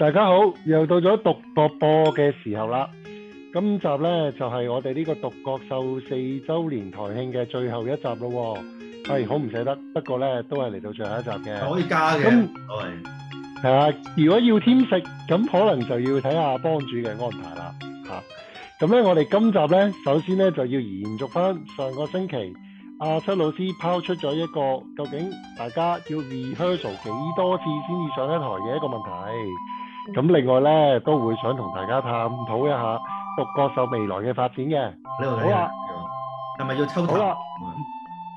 大家好，又到咗獨角播嘅時候啦。今集呢，就係、是、我哋呢個獨角秀四周年台慶嘅最後一集咯，哦。係好唔捨得，不過呢，都係嚟到最後一集嘅。可以加嘅。係、嗯。係啊，如果要添食，咁可能就要睇下幫主嘅安排啦。吓、啊，咁呢我哋今集呢，首先呢，就要延續翻上個星期阿秋老師拋出咗一個究竟大家要 rehearsal 幾多次先至上一台嘅一個問題。咁另外咧，都會想同大家探討一下獨角播未來嘅發展嘅。呢度睇下，係咪要抽到啦？好啦，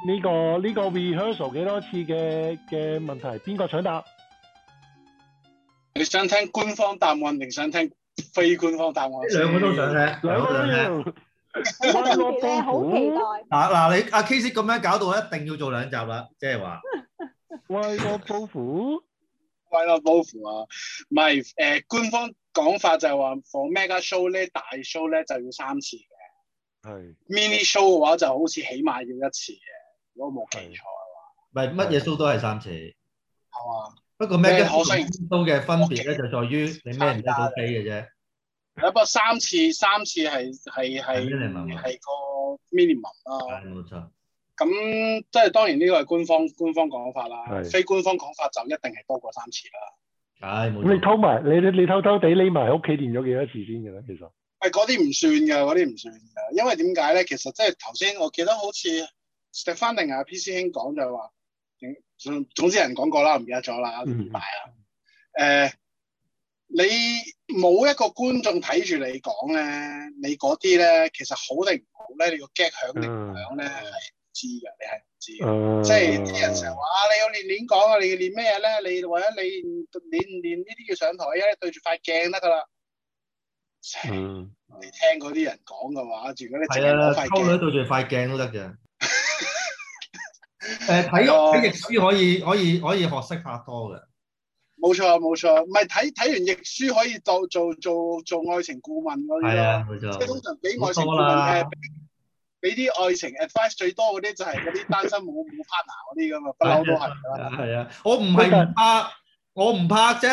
呢個呢個 rehearsal 幾多次嘅嘅問題，邊個搶答？你想聽官方答案定想聽非官方答案？呢兩個都想聽，兩個都想聽。威洛抱虎，好期待。嗱嗱，你阿 KC 咁樣搞到一定要做兩集啦，即係話威洛抱虎。係咯，包括咪官方講法就係、是、話，for mega show 咧，大 show 咧就要三次嘅。係是。mini show 嘅話就好似起碼要一次嘅，如果冇記錯嘅話。咪乜嘢 show 都係三次。係嘛吧？不過咩？可所以都嘅分別咧就在於你咩唔咩都飛嘅啫。是 minimum. 個啊，不過三次三次係係係係個 minimum 冇錯。咁即係當然呢個係官方官方講法啦，是非官方講法就一定係多過三次啦。唉、哎，咁你偷埋你你偷偷地匿埋喺屋企練咗幾多次先嘅咧？其實係嗰啲唔算㗎，嗰啲唔算㗎。因為點解咧？其實即係頭先我記得好似食翻另外 P 師兄講就係話總之人講過啦，唔記得咗啦，唔大啦。誒，你冇一個觀眾睇住你講咧，你嗰啲咧其實好定唔好咧，你要 gag 響定唔響咧知㗎，你係唔知嘅，即係啲人成日話你要練練講啊，你要練咩咧？你或者你練唔練呢啲要上台咧？對住塊鏡得㗎喇，你聽嗰啲人講嘅話，如果你真係對住塊鏡都得嘅。誒，睇睇譯書可以可以可以學識拍拖嘅，冇錯冇錯，唔係睇睇完譯書可以做做做做愛情顧問㗎，係啊，即係通常俾愛情顧問俾啲愛情 advice 最多嗰啲就係嗰啲單身冇冇 partner 嗰啲㗎嘛， 我不嬲都係啦。係啊是，我唔係唔怕，我唔怕啫。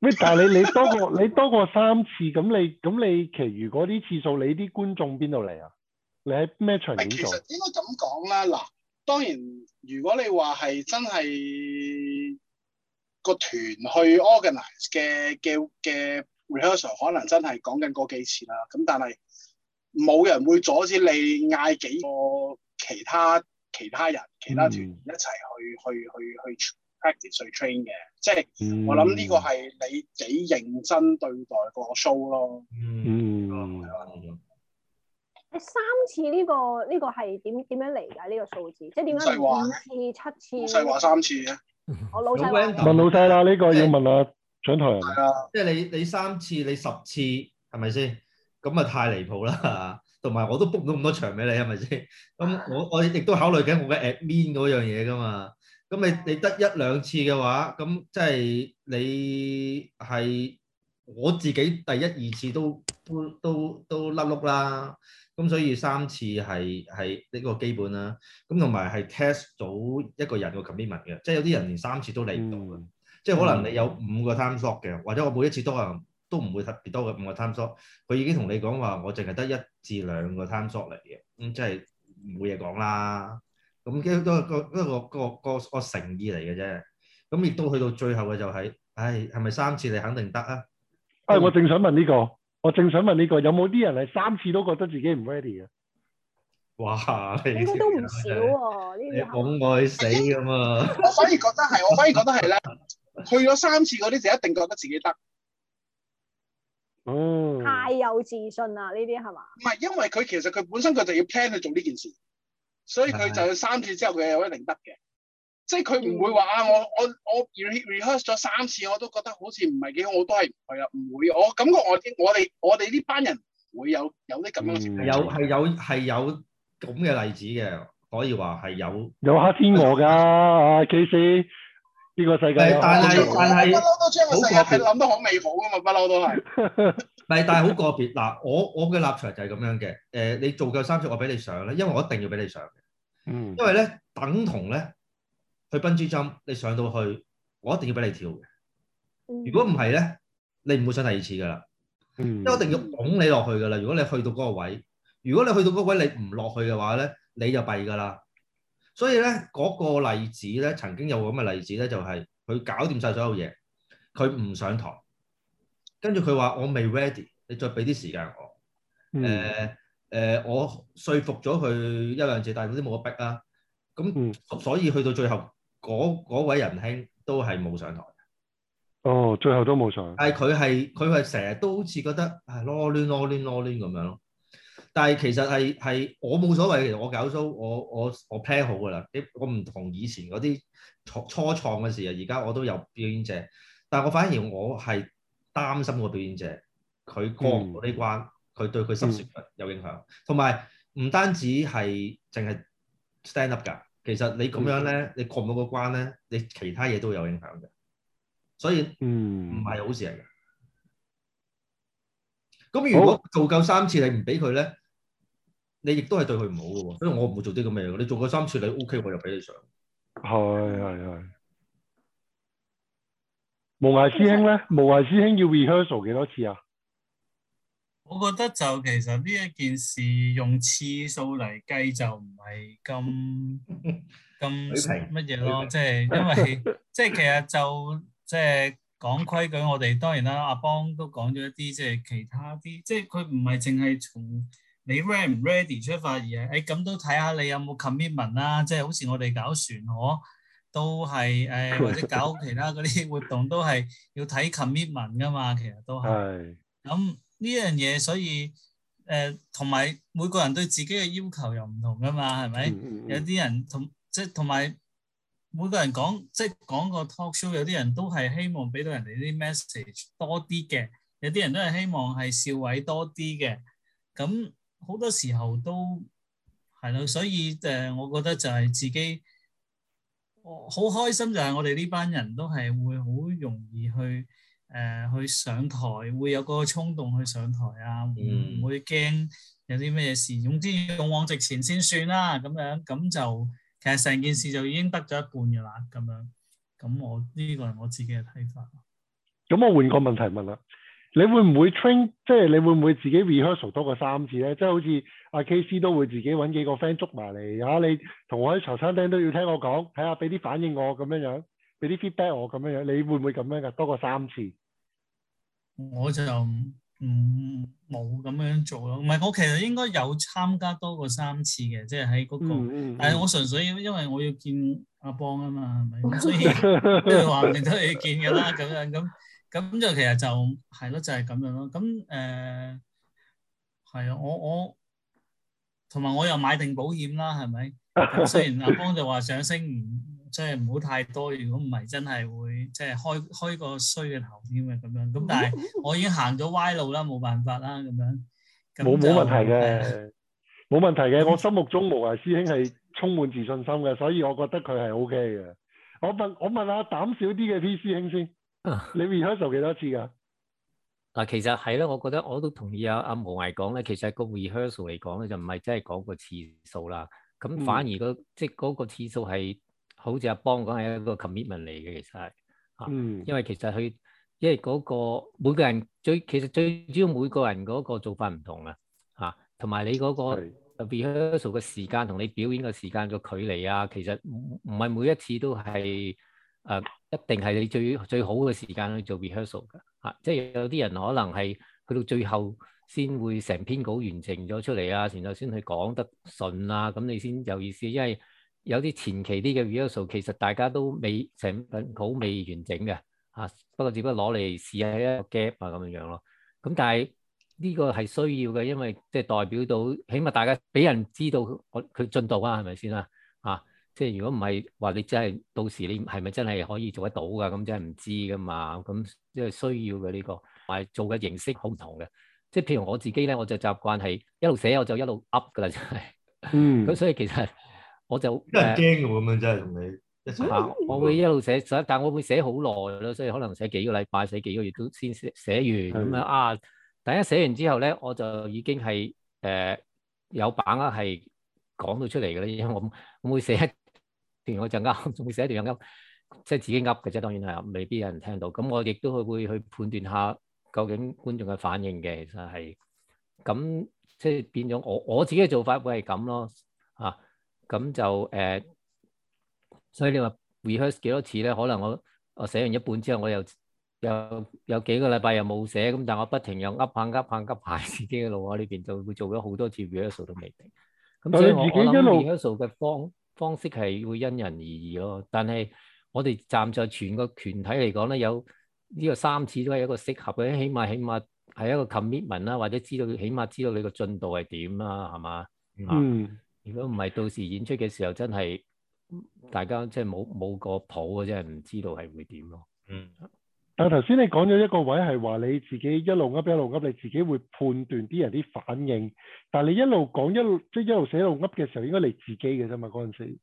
咩？但係你你多過 你多過三次，咁你咁你其餘啲次數，你啲觀眾邊度嚟啊？你喺咩場景做？其實應該咁講啦。嗱，當然如果你話係真係個團去 organize 嘅嘅嘅 rehearsal，er、可能真係講緊個幾次啦。咁但係。冇人會阻止你嗌幾個其他其他人、其他團一齊去、嗯、去去去，去 practice 去 train 嘅，即、就、係、是、我諗呢個係你幾認真對待個 show 咯。嗯，你三次呢、這個呢、這個係點點樣嚟㗎？呢個數字即係點樣？五次、七次、三次啊！我老實問老細啦，呢、這個要問吓掌台人。即係你你三次你十次係咪先？咁啊，太離譜啦！同埋我都 book 咗咁多場俾你，係咪先？咁 我我亦都考慮緊我嘅 admin 嗰樣嘢噶嘛。咁你你得一兩次嘅話，咁即係你係我自己第一二次都都都都甩碌啦。咁所以三次係係一個基本啦。咁同埋係 test 到一個人個 commitment 嘅，即係有啲人連三次都嚟唔到嘅。嗯、即係可能你有五個 time slot 嘅，或者我每一次都係。都唔會特別多嘅五個探索，佢已經同你講話，我淨係得一至兩個探索嚟嘅，咁、嗯、即係冇嘢講啦。咁、嗯、都都都因為我個誠意嚟嘅啫。咁亦都去到最後嘅就係、是，唉、哎，係咪三次你肯定得啊？唉、哎，我正想問呢、這個，我正想問呢、這個，有冇啲人係三次都覺得自己唔 ready 啊？哇！應該都唔少喎呢啲。你講我死咁嘛！ 我反而覺得係，我反而覺得係咧，去咗三次嗰啲就一定覺得自己得。.哦，嗯、太有自信啦！呢啲係嘛？唔係，因為佢其實佢本身佢就要 plan 去做呢件事，所以佢就三次之後佢有以令得嘅，即係佢唔會話啊我我我 rehearse 咗三次我都覺得好似唔係幾好，我都係唔係啊，唔會。我感覺我我哋我哋呢班人會有有啲咁樣嘅，有係有係有咁嘅例子嘅，可以話係有有黑天鵝噶啊，K 呢個世界，但係但係不嬲都將我世界係諗得好美好噶嘛，不嬲都係。係但係好個別嗱，我我嘅立場就係咁樣嘅。誒、呃，你做夠三次，我俾你上咧，因為我一定要俾你上嘅。嗯。因為咧，等同咧，去笨珠針，你上到去，我一定要俾你跳嘅。嗯。如果唔係咧，你唔會上第二次噶啦。嗯。因為一定要拱你落去噶啦。如果你去到嗰個位，如果你去到嗰位你唔落去嘅話咧，你就弊噶啦。所以咧，嗰個例子咧，曾經有個咁嘅例子咧，就係佢搞掂晒所有嘢，佢唔上台，跟住佢話我未 ready，你再俾啲時間我。誒誒，我說服咗佢一兩次，但係嗰啲冇得逼啦。咁所以去到最後，嗰位仁兄都係冇上台。哦，最後都冇上台。但佢係佢係成日都好似覺得係咯，囉攣囉攣咁樣咯。但係其實係係我冇所謂，其實我搞 show 我我我 plan 好㗎啦。我唔同以前嗰啲創初創嘅時候，而家我都有表演者，但係我反而我係擔心個表演者佢過唔到呢關，佢、嗯、對佢心血有影響。同埋唔單止係淨係 stand up 㗎，其實你咁樣咧，你過唔到個關咧，你其他嘢都有影響嘅，所以唔係好事嚟嘅。咁、嗯嗯、如果做夠三次你，你唔俾佢咧？嗯嗯嗯你亦都係對佢唔好嘅喎，所以我唔會做啲咁嘅嘢。你做過三次，你 OK，我就俾你上。係係係。無 涯 師兄咧，無涯師兄要 rehearsal 幾多次啊？我覺得就其實呢一件事用次數嚟計就唔係咁咁乜嘢咯，即係因為即係 其實就即係講規矩，我哋當然啦。阿邦都講咗一啲即係其他啲，即係佢唔係淨係從。即係你 ready 唔 ready 出發？而係誒咁都睇下你有冇 commitment 啦，即係好似我哋搞船河都係誒、哎，或者搞其他嗰啲活動都係要睇 commitment 噶嘛。其實都係咁呢樣嘢，所以誒同埋每個人對自己嘅要求又唔同噶嘛，係咪？嗯嗯嗯有啲人同即係同埋每個人講即係講個 talk show，有啲人都係希望俾到人哋啲 message 多啲嘅，有啲人都係希望係笑位多啲嘅，咁。好多時候都係咯，所以誒、呃，我覺得就係自己，我、呃、好開心就係我哋呢班人都係會好容易去誒、呃、去上台，會有個衝動去上台啊，唔會驚有啲咩事。總之勇往直前先算啦，咁樣咁就其實成件事就已經得咗一半噶啦，咁樣。咁我呢、呢個係我自己嘅睇法。咁我換個問題問啦。你會唔會 train，即係你會唔會自己 rehearsal 多過三次咧？即係好似阿 K C 都會自己揾幾個 friend 捉埋嚟嚇，你同我喺茶餐廳都要聽我講，睇下俾啲反應我咁樣樣，俾啲 feedback 我咁樣樣。你會唔會咁樣噶？多過三次？我就唔冇咁樣做咯，唔係我其實應該有參加多過三次嘅，即係喺嗰個，嗯嗯嗯但係我純粹因為我要見阿邦啊嘛，係咪？咁所以 即係話你都係要見㗎啦，咁樣咁。咁就其實就係咯，就係、是、咁樣咯。咁誒係啊，我我同埋我又買定保險啦，係咪？ 雖然阿邦就話上升唔即係唔好太多，如果唔係真係會即係開開個衰嘅頭添啊咁樣。咁但係我已經行咗歪路啦，冇辦法啦咁樣。冇冇問題嘅，冇 問題嘅。我心目中無涯師兄係充滿自信心嘅，所以我覺得佢係 OK 嘅。我問我問下膽小啲嘅 P 師兄先。你 rehearsal 幾多次㗎？嗱，其實係咧，我覺得我都同意啊。阿毛涯講咧，其實個 rehearsal 嚟講咧，就唔係真係講個次數啦。咁反而個即係嗰個次數係，好似阿邦講係一個 commitment 嚟嘅。其實係，啊、嗯，因為其實佢，因為嗰、嗰個每個人最其實最主要每個人嗰個做法唔同啊。吓，同埋你嗰個 rehearsal 嘅時間同你表演嘅時間嘅、嗰個、距離啊，其實唔唔係每一次都係。誒一定係你最最好嘅時間去做 rehearsal 嘅。嚇、啊，即係有啲人可能係去到最後先會成篇稿完成咗出嚟啊，然後先去講得順啊，咁你先有意思，因為有啲前期啲嘅 rehearsal 其實大家都未成份稿未完整嘅嚇、啊，不過只不過攞嚟試下一個 gap 啊咁樣樣咯，咁、啊、但係呢個係需要嘅，因為即係代表到起碼大家俾人知道佢進度啊，係咪先啦？嚇、啊！即係如果唔係話你真係到時你係咪真係可以做得到㗎？咁真係唔知㗎嘛？咁即係需要嘅呢個，或做嘅形式好唔同嘅。即係譬如我自己咧，我就習慣係一路寫我就一路 up 㗎啦，真係。嗯。咁所以其實我就有人驚㗎喎，咁樣真係同你。嚇！我會一路寫寫，但係我會寫好耐咯，所以可能寫幾個禮拜，寫幾個月都先寫完咁樣啊。等一寫完之後咧，我就已經係誒有把握係講到出嚟㗎啦，因為我我會寫一。我陣間啱，仲會寫一條又啱，即係自己噏嘅啫。當然係，未必有人聽到。咁我亦都會去判斷下究竟觀眾嘅反應嘅，其實係咁，即係變咗我我自己嘅做法會係咁咯。啊，咁就誒，所以你話 rehearse 幾多次咧？可能我我寫完一半之後，我又又有幾個禮拜又冇寫，咁但係我不停又噏下噏下噏排自己嘅腦啊，呢邊就會做咗好多次 rehearsal 都未定。咁所以我自己一路嘅方。方式係會因人而異咯，但係我哋站在全個團體嚟講咧，有呢個三次都係一個適合嘅，起碼起碼係一個 commitment 啦，或者知道，起碼知道你個進度係點啦，係嘛？嗯，如果唔係到時演出嘅時候，真係大家即係冇冇個譜啊，真係唔知道係會點咯。嗯。但頭先你講咗一個位係話你自己一路噏，一路噏，你自己會判斷啲人啲反應。但係你一路講一路即係一路寫一路噏嘅時候，應該你自己嘅啫嘛嗰陣時。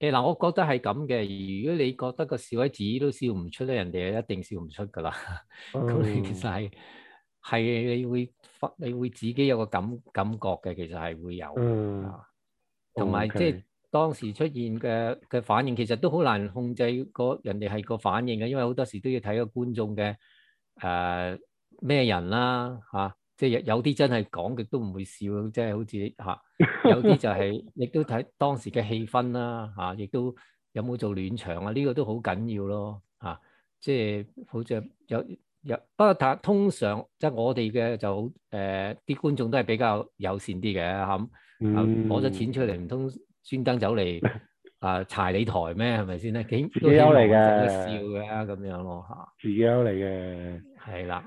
欸、嗱，我覺得係咁嘅。如果你覺得個笑位自己都笑唔出咧，人哋係一定笑唔出噶啦。咁你、嗯、 其實係係你會發，你會自己有個感感覺嘅。其實係會有啊，同埋啲。有 okay. 當時出現嘅嘅反應其實都好難控制，個人哋係個反應嘅，因為好多時都要睇個觀眾嘅誒咩人啦嚇、啊，即係有有啲真係講極都唔會笑，即係好似嚇、啊，有啲就係、是、亦 都睇當時嘅氣氛啦、啊、嚇，亦、啊、都有冇做暖場啊？呢、這個都好緊要咯嚇、啊，即係好似有有，有不過但係通常即係、就是、我哋嘅就好啲、呃、觀眾都係比較友善啲嘅，咁攞咗錢出嚟唔通？專登走嚟啊，拆你台咩？係咪先咧？幾幾優嚟嘅笑嘅咁樣咯嚇，幾優嚟嘅係啦。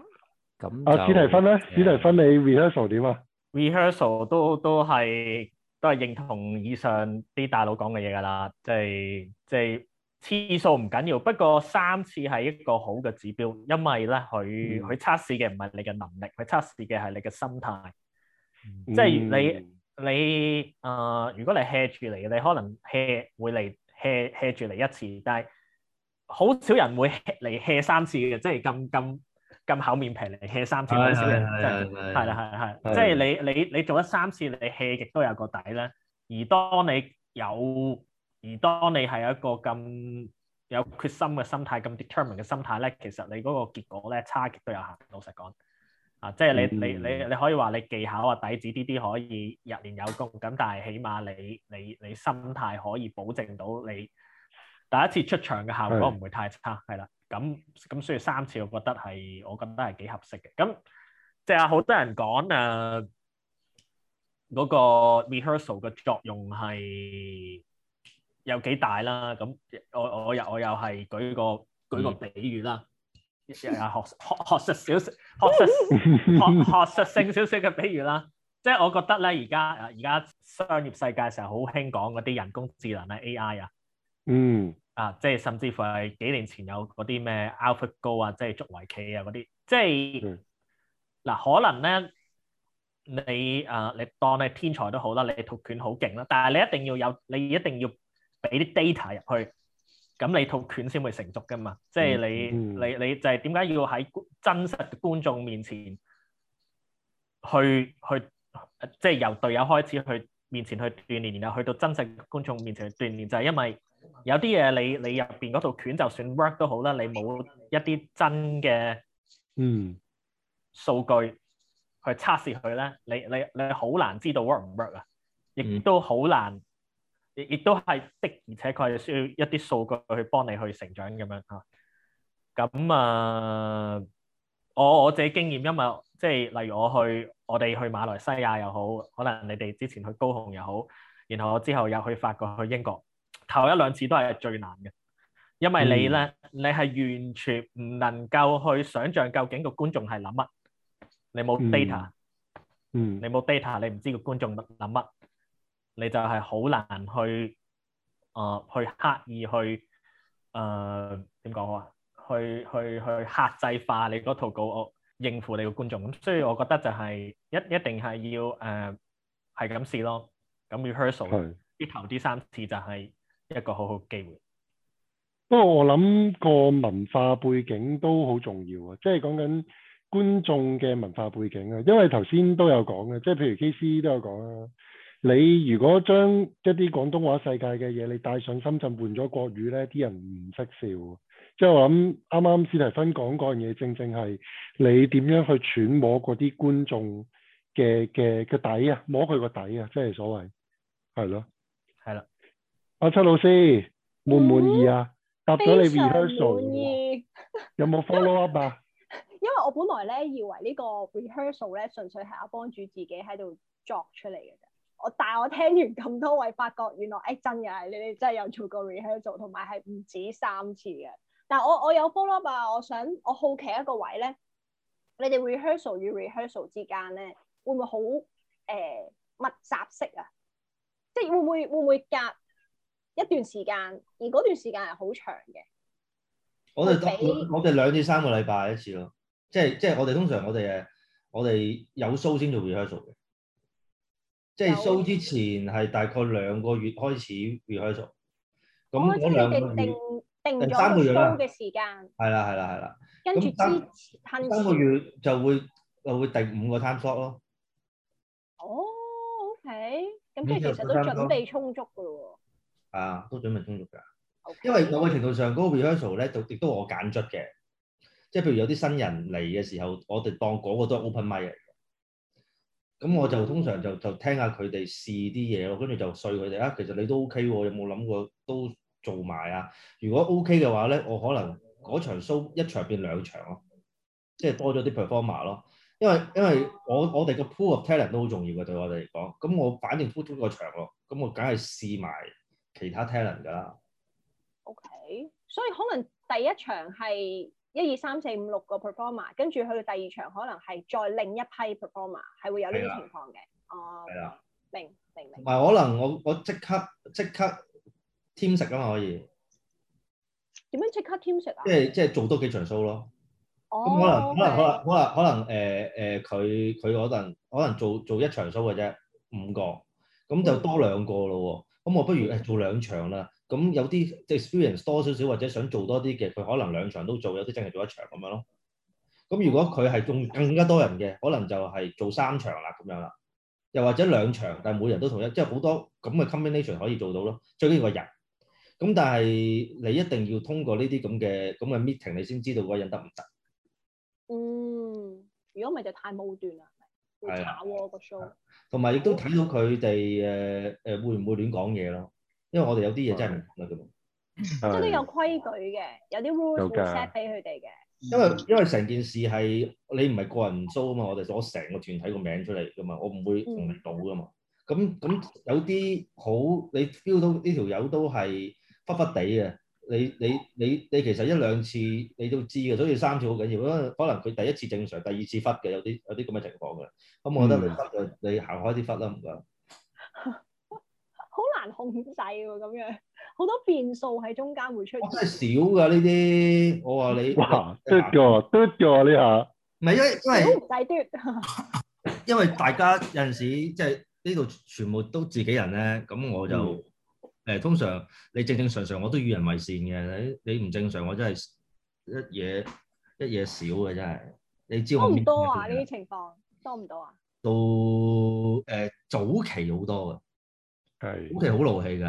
咁阿史提芬咧，史提芬你 rehearsal 點啊？rehearsal 都都係都係認同以上啲大佬講嘅嘢㗎啦，即係即係次數唔緊要，不過三次係一個好嘅指標，因為咧佢佢測試嘅唔係你嘅能力，佢測試嘅係你嘅心態，即係你。你誒、呃，如果你 hea 住嚟，你可能 hea 會嚟 hea 住嚟一次，但係好少人會 hea 嚟 hea 三次嘅，即係咁咁咁厚面皮嚟 hea 三次，好少人，真係啦係係，即係的你你你，你做咗三次，你 hea 極都有個底啦。而當你有，而當你係一個咁有決心嘅心態，咁 determined 嘅心態咧，其實你嗰個結果咧差極都有限。老實講。啊，即係你、嗯、你你你可以話你技巧啊、底子呢啲可以日久有功，咁但係起碼你你你心態可以保證到你第一次出場嘅效果唔會太差，係啦的，咁咁需要三次我，我覺得係我覺得係幾合適嘅，咁即係啊好多人講啊嗰、嗰個 rehearsal 嘅作用係有幾大啦，咁我我又我又係舉個舉個比喻啦。嗯啊學學學術少少學術 學學術性少少嘅比喻啦，即係我覺得咧而家而家商業世界成日好興講嗰啲人工智能啊 AI、嗯、啊，嗯啊即係甚至乎係幾年前有嗰啲咩 AlphaGo 啊，即係捉圍棋啊嗰啲，即係嗱、嗯啊、可能咧你啊你當你天才都好啦，你套拳好勁啦，但係你一定要有你一定要俾啲 data 入去。咁你套拳先會成熟㗎嘛？即係你、嗯嗯、你你就係點解要喺真實觀眾面前去去、呃、即係由隊友開始去面前去鍛煉，然後去到真實觀眾面前去鍛煉，就係、是、因為有啲嘢你你入邊嗰套拳就算 work 都好啦，你冇一啲真嘅，嗯數據去測試佢咧、嗯，你你你好難知道 work 唔 work 啊，亦都好難。亦都係的，而且佢係需要一啲數據去幫你去成長咁樣吓。咁啊，我我自己經驗，因為即係例如我去我哋去馬來西亞又好，可能你哋之前去高雄又好，然後我之後又去法國去英國，頭一兩次都係最難嘅，因為你咧，嗯、你係完全唔能夠去想像究竟個觀眾係諗乜，你冇 data，嗯，嗯你冇 data，你唔知個觀眾諗乜。你就係好難去，啊、呃，去刻意去，誒點講啊？去去去客製化你嗰套稿，應付你個觀眾。咁、嗯、所以我覺得就係、是、一一定係要誒係咁試咯。咁 rehearsal，啲頭啲三次就係一個好好機會。不過我諗個文化背景都好重要啊，即、就、係、是、講緊觀眾嘅文化背景啊。因為頭先都有講嘅，即係譬如 KC 都有講啦。你如果將一啲廣東話世界嘅嘢，你帶上深圳換咗國語咧，啲人唔識笑。即係我諗啱啱史提芬講嗰樣嘢，正正係你點樣去揣摩嗰啲觀眾嘅嘅個底啊，摸佢個底啊，即係所謂。係咯。係啦。阿七老師滿唔滿意啊？嗯，答咗你 rehearsal。非常滿意。有冇 follow up 啊？因為我本來咧以為呢個 rehearsal 咧純粹係阿幫主自己喺度作出嚟嘅。我但係我聽完咁多位，發覺原來誒、欸、真嘅係，你哋真係有做過 rehearsal 同埋係唔止三次嘅。但係我我有 follow up 啊，我想我好奇一個位咧，你哋 rehearsal 與 rehearsal 之間咧，會唔會好誒、欸、密集式啊？即係會唔會會唔會隔一段時間，而嗰段時間係好長嘅們比？我哋我哋兩至三個禮拜一次咯，即係即係我哋通常我哋誒我哋有 show 先做 rehearsal 嘅。即係 show 之前係大概兩個月開始 rehearsal 咁我兩定定咗三個月嘅時間，係啦係啦係啦。啊啊啊、跟住之後，三個月就會就會定五個 time slot 咯。哦、oh,，OK，咁即係其實都準備充足嘅喎。哦、啊，都準備充足㗎。Okay. 因為某個程度上，嗰、那個 rehearsal 咧就亦都我揀出嘅，即係譬如有啲新人嚟嘅時候，我哋當嗰個都係 open mic。咁我就通常就就聽下佢哋試啲嘢咯，跟住就碎佢哋啊。其實你都 OK 喎，有冇諗過都做埋啊？如果 OK 嘅話咧，我可能嗰場 show 一場變兩場咯，即係多咗啲 performance 咯。因為因為我我哋嘅 pool of talent 都好重要嘅，對我哋嚟講。咁我反正 full 咗個場咯，咁我梗係試埋其他 talent 㗎啦。OK，所以可能第一場係。一二三四五六個 performer，跟住去到第二場可能係再另一批 performer，係會有呢啲情況嘅。哦的，係啦，oh，明。明，明，唔係可能我我即刻即刻添食啊嘛，可以點樣即刻添食啊？即係即係做多幾場 show 咯。哦，咁可能 okay. 可能可能可能可能誒誒，佢佢嗰陣可能做做一場 show 嘅啫，五個，咁就多兩個咯。咁、嗯、我不如誒做兩場啦。咁有啲即 x p e 多少少或者想做多啲嘅，佢可能兩場都做；有啲真係做一場咁樣咯。咁如果佢係仲更加多人嘅，可能就係做三場啦，咁樣啦。又或者兩場，但係每人都同一，即係好多咁嘅 combination 可以做到咯。最緊要係人。咁但係你一定要通過呢啲咁嘅咁嘅 meeting，你先知道嗰個人得唔得。嗯，如果唔係就太武斷啦，打喎的個數。同埋亦都睇到佢哋誒誒會唔會亂講嘢咯。因為我哋有啲嘢真係唔同啦，咁即係都有規矩嘅，的有啲 rules set 俾佢哋嘅。因為因為成件事係你唔係個人租啊嘛，我哋攞成個團體個名出嚟噶嘛，我唔會同嚟賭噶嘛。咁咁、嗯、有啲好，你 feel 到呢條友都係忽忽地嘅，你你你你其實一兩次你都知嘅，所以三次好緊要。可能佢第一次正常，第二次忽嘅，有啲有啲咁嘅情況嘅。咁我覺得你忽你行開啲忽啦，唔該、嗯。控制喎咁樣，好多變數喺中間會出現。真係少㗎呢啲，我話你哇，奪咗，嘟咗呢下。唔係因為因為因為大家有陣時，即係呢度全部都自己人咧，咁我就誒、嗯、通常你正正常常我都與人為善嘅，你你唔正常，我真係一嘢一嘢少嘅真係。你知唔邊多，多啊？呢啲情況多唔多啊？到誒、呃、早期好多㗎。係，咁其實好勞氣噶，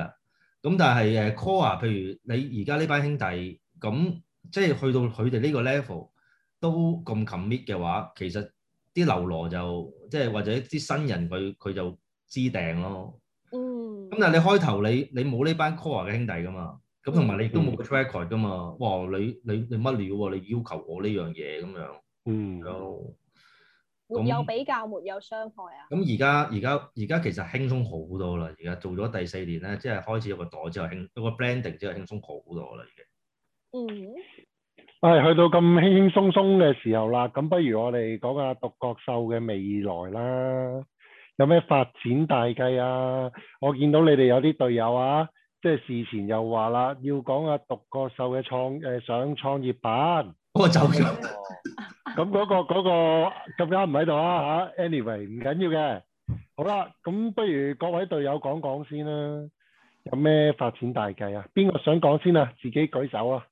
咁但係誒 core，譬如你而家呢班兄弟，咁即係去到佢哋呢個 level 都咁 commit 嘅話，其實啲流羅就即係或者啲新人佢佢就知定咯。嗯。咁但係你開頭你你冇呢班 core 嘅兄弟噶嘛，咁同埋你都冇個 track record 噶嘛。嗯、哇，你你你乜料、啊？你要求我呢樣嘢咁樣。嗯。嗯沒有比較，沒有傷害啊！咁而家而家而家其實輕鬆好多啦！而家做咗第四年咧，即係開始有個袋之後輕，一個 branding 之後輕鬆好多啦，已經。嗯。係、哎、去到咁輕輕鬆鬆嘅時候啦，咁不如我哋講下獨角獸嘅未來啦，有咩發展大計啊？我見到你哋有啲隊友啊，即係事前又話啦，要講下獨角獸嘅創誒上創業板。個走咗，咁、那、嗰個個咁啱唔喺度啊吓，Anyway 唔緊要嘅，好啦，咁、嗯、不如各位隊友講講先啦，有咩發展大計啊？邊個想講先啊？自己舉手啊！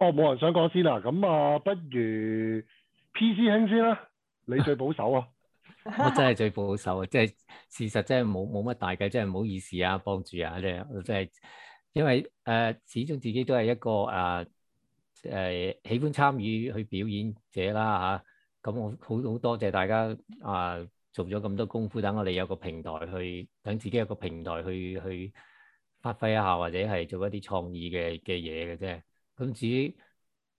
哦，冇人想講先啦，啊，咁啊，不如 PC 兄先啦，你最保守啊，啊我真係最保守啊，即、就、係、是、事實真係冇冇乜大計，真係唔好意思啊，幫住啊，我真係。 因為誒、呃，始終自己都係一個誒，誒、呃呃、喜歡參與去表演者啦吓。咁我好好多謝大家啊、呃，做咗咁多功夫，等我哋有個平台去，等自己有個平台去去發揮一下，或者係做一啲創意嘅嘅嘢嘅啫。咁、嗯、至於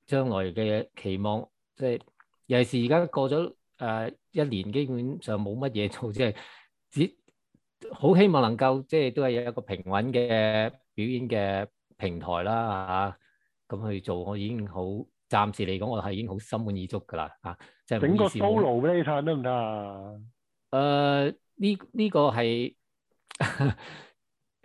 將來嘅期望，即係尤其是而家過咗誒、呃、一年，基本上冇乜嘢做，即係只好希望能夠即係都係有一個平穩嘅。表演嘅平台啦嚇，咁去做，我已經好，暫時嚟講，我係已經好心滿意足噶啦嚇。即係整個 solo 俾你嘆得唔得啊？誒，呢呢個係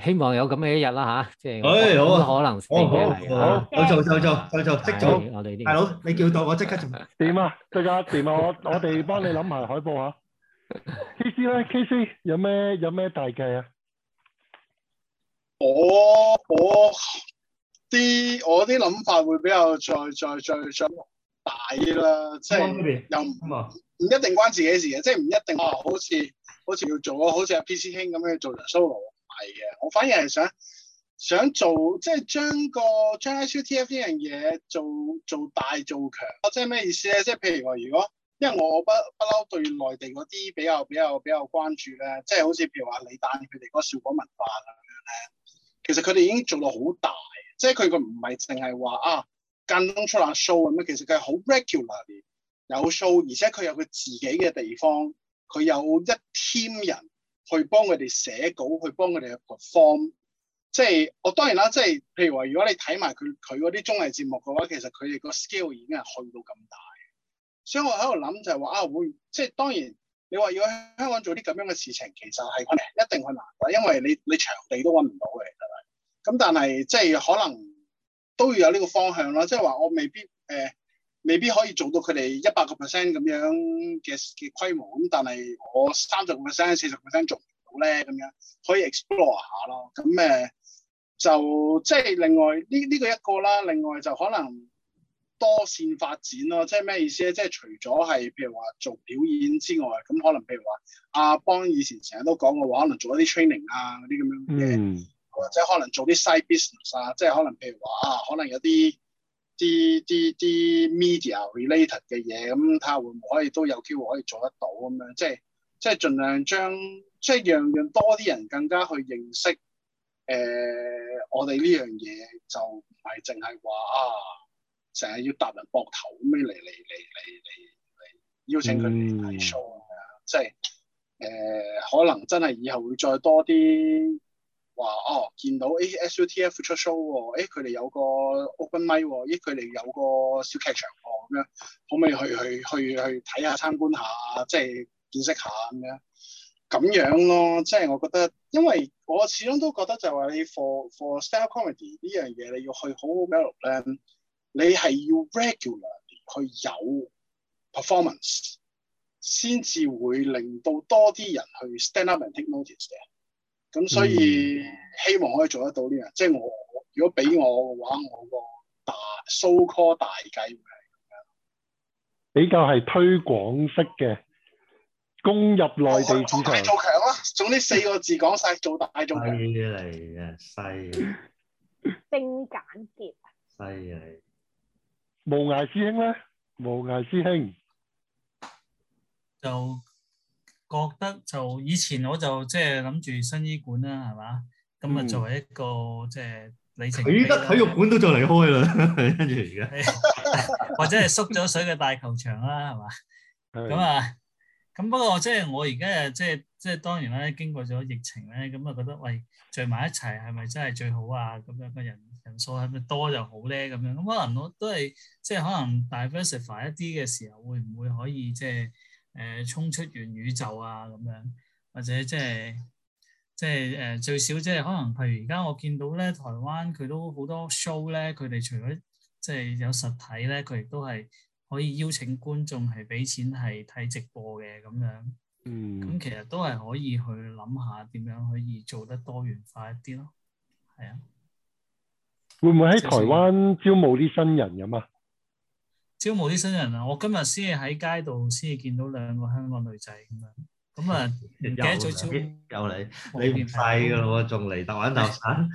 希望有咁嘅一日啦嚇，即係可能。好，好，好，做就做，做做即做。我哋大佬，你叫到我即刻做。點啊？掂啊掂啊我，我哋幫你諗埋海報啊。KC 咧，KC 有咩有咩大計啊？我我啲我啲諗法會比較再再再再大啲啦，即係又唔、啊啊、一定關自己事嘅，即係唔一定話，好似好似要做啊，好似阿 P C 兄咁樣做人 solo 係嘅，我反而係想想做即係將個將 SUTF 呢樣嘢做做大做強，即係咩意思咧？即係譬如話如果因為我不不嬲對內地嗰啲比較比較比較關注咧，即係好似譬如話李誕佢哋嗰個笑果文化咁樣咧。其實佢哋已經做到好大，即係佢個唔係淨係話啊間中出下 show 咁樣，其實佢係好 regular 有 show，而且佢有佢自己嘅地方，佢有一 team 人去幫佢哋寫稿，去幫佢哋嘅 perform。即係我當然啦，即係譬如話，如果你睇埋佢佢嗰啲綜藝節目嘅話，其實佢哋個 scale 已經係去到咁大。所以我喺度諗就係話啊，會即係當然，你話要喺香港做啲咁樣嘅事情，其實係一定係難嘅，因為你你場地都搵唔到嘅。咁但係即係可能都要有呢個方向咯，即係話我未必誒、呃，未必可以做到佢哋一百個 percent 咁樣嘅嘅規模，咁但係我三十個 percent、四十 percent 做唔到咧？咁樣可以 explore 下咯。咁誒，就即係另外呢呢、呢個一個啦，另外就可能多線發展咯。即係咩意思咧？即、就、係、是、除咗係譬如話做表演之外，咁可能譬如話阿邦以前成日都講嘅話，可能做一啲 training 啊、嗰啲咁樣嘅。或者可能做啲 side business 啊，即係可能譬如話啊，可能有啲啲啲啲 media related 嘅嘢，咁睇下會唔會我哋都有機會可以做得到咁樣，即係即係盡量將，即係樣樣多啲人更加去認識誒、呃，我哋呢樣嘢就唔係淨係話啊，成日要搭人膊頭咁樣嚟嚟嚟嚟嚟嚟邀請佢哋睇 show 啊、嗯，即係誒、呃、可能真係以後會再多啲。話哦，見到 A S U T F 出 show 喎，誒佢哋有個 open mic 喎，咦佢哋有個小劇場喎，咁樣可唔可以去去去去睇下參觀下，即係見識下咁樣咁樣咯？即係我覺得，因為我始終都覺得就係話你 for for stand-up comedy 呢樣嘢，你要去好 m e l o 你係要 regular 去有 performance，先至會令到多啲人去 stand up and take notice 嘅。咁所以希望可以做得到啲人，即係我如果俾我嘅話，我個大 so call 大計會係咁樣，比較係推廣式嘅攻入內地市場。做大做強啦，總之四個字講晒做大做強。犀利啊，細精簡潔啊，犀利。無涯師兄咧，無涯師兄就。覺得就以前我就即係諗住新醫館啦，係嘛？咁啊、嗯、作為一個即係里程。起得體育館都就嚟開啦，跟住而家或者係縮咗水嘅大球場啦，係嘛？咁 啊咁不過即係我而家啊即係即係當然啦，經過咗疫情咧，咁啊覺得喂，聚埋一齊係咪真係最好啊？咁樣嘅人人數係咪多就好咧？咁樣咁可能我都係即係可能 diversify 一啲嘅時候，會唔會可以即係？就是誒、呃、衝出元宇宙啊咁樣，或者即係即係誒最少即係可能，譬如而家我見到咧，台灣佢都好多 show 咧，佢哋除咗即係有實體咧，佢亦都係可以邀請觀眾係俾錢係睇直播嘅咁樣。嗯。咁其實都係可以去諗下點樣可以做得多元化一啲咯。係啊。會唔會喺台灣招募啲新人噶啊？招募啲新人啊！我今日先至喺街度先至見到兩個香港女仔咁樣，咁啊唔記得再招。又嚟你，你變曬㗎啦喎！仲嚟搭揾搭散。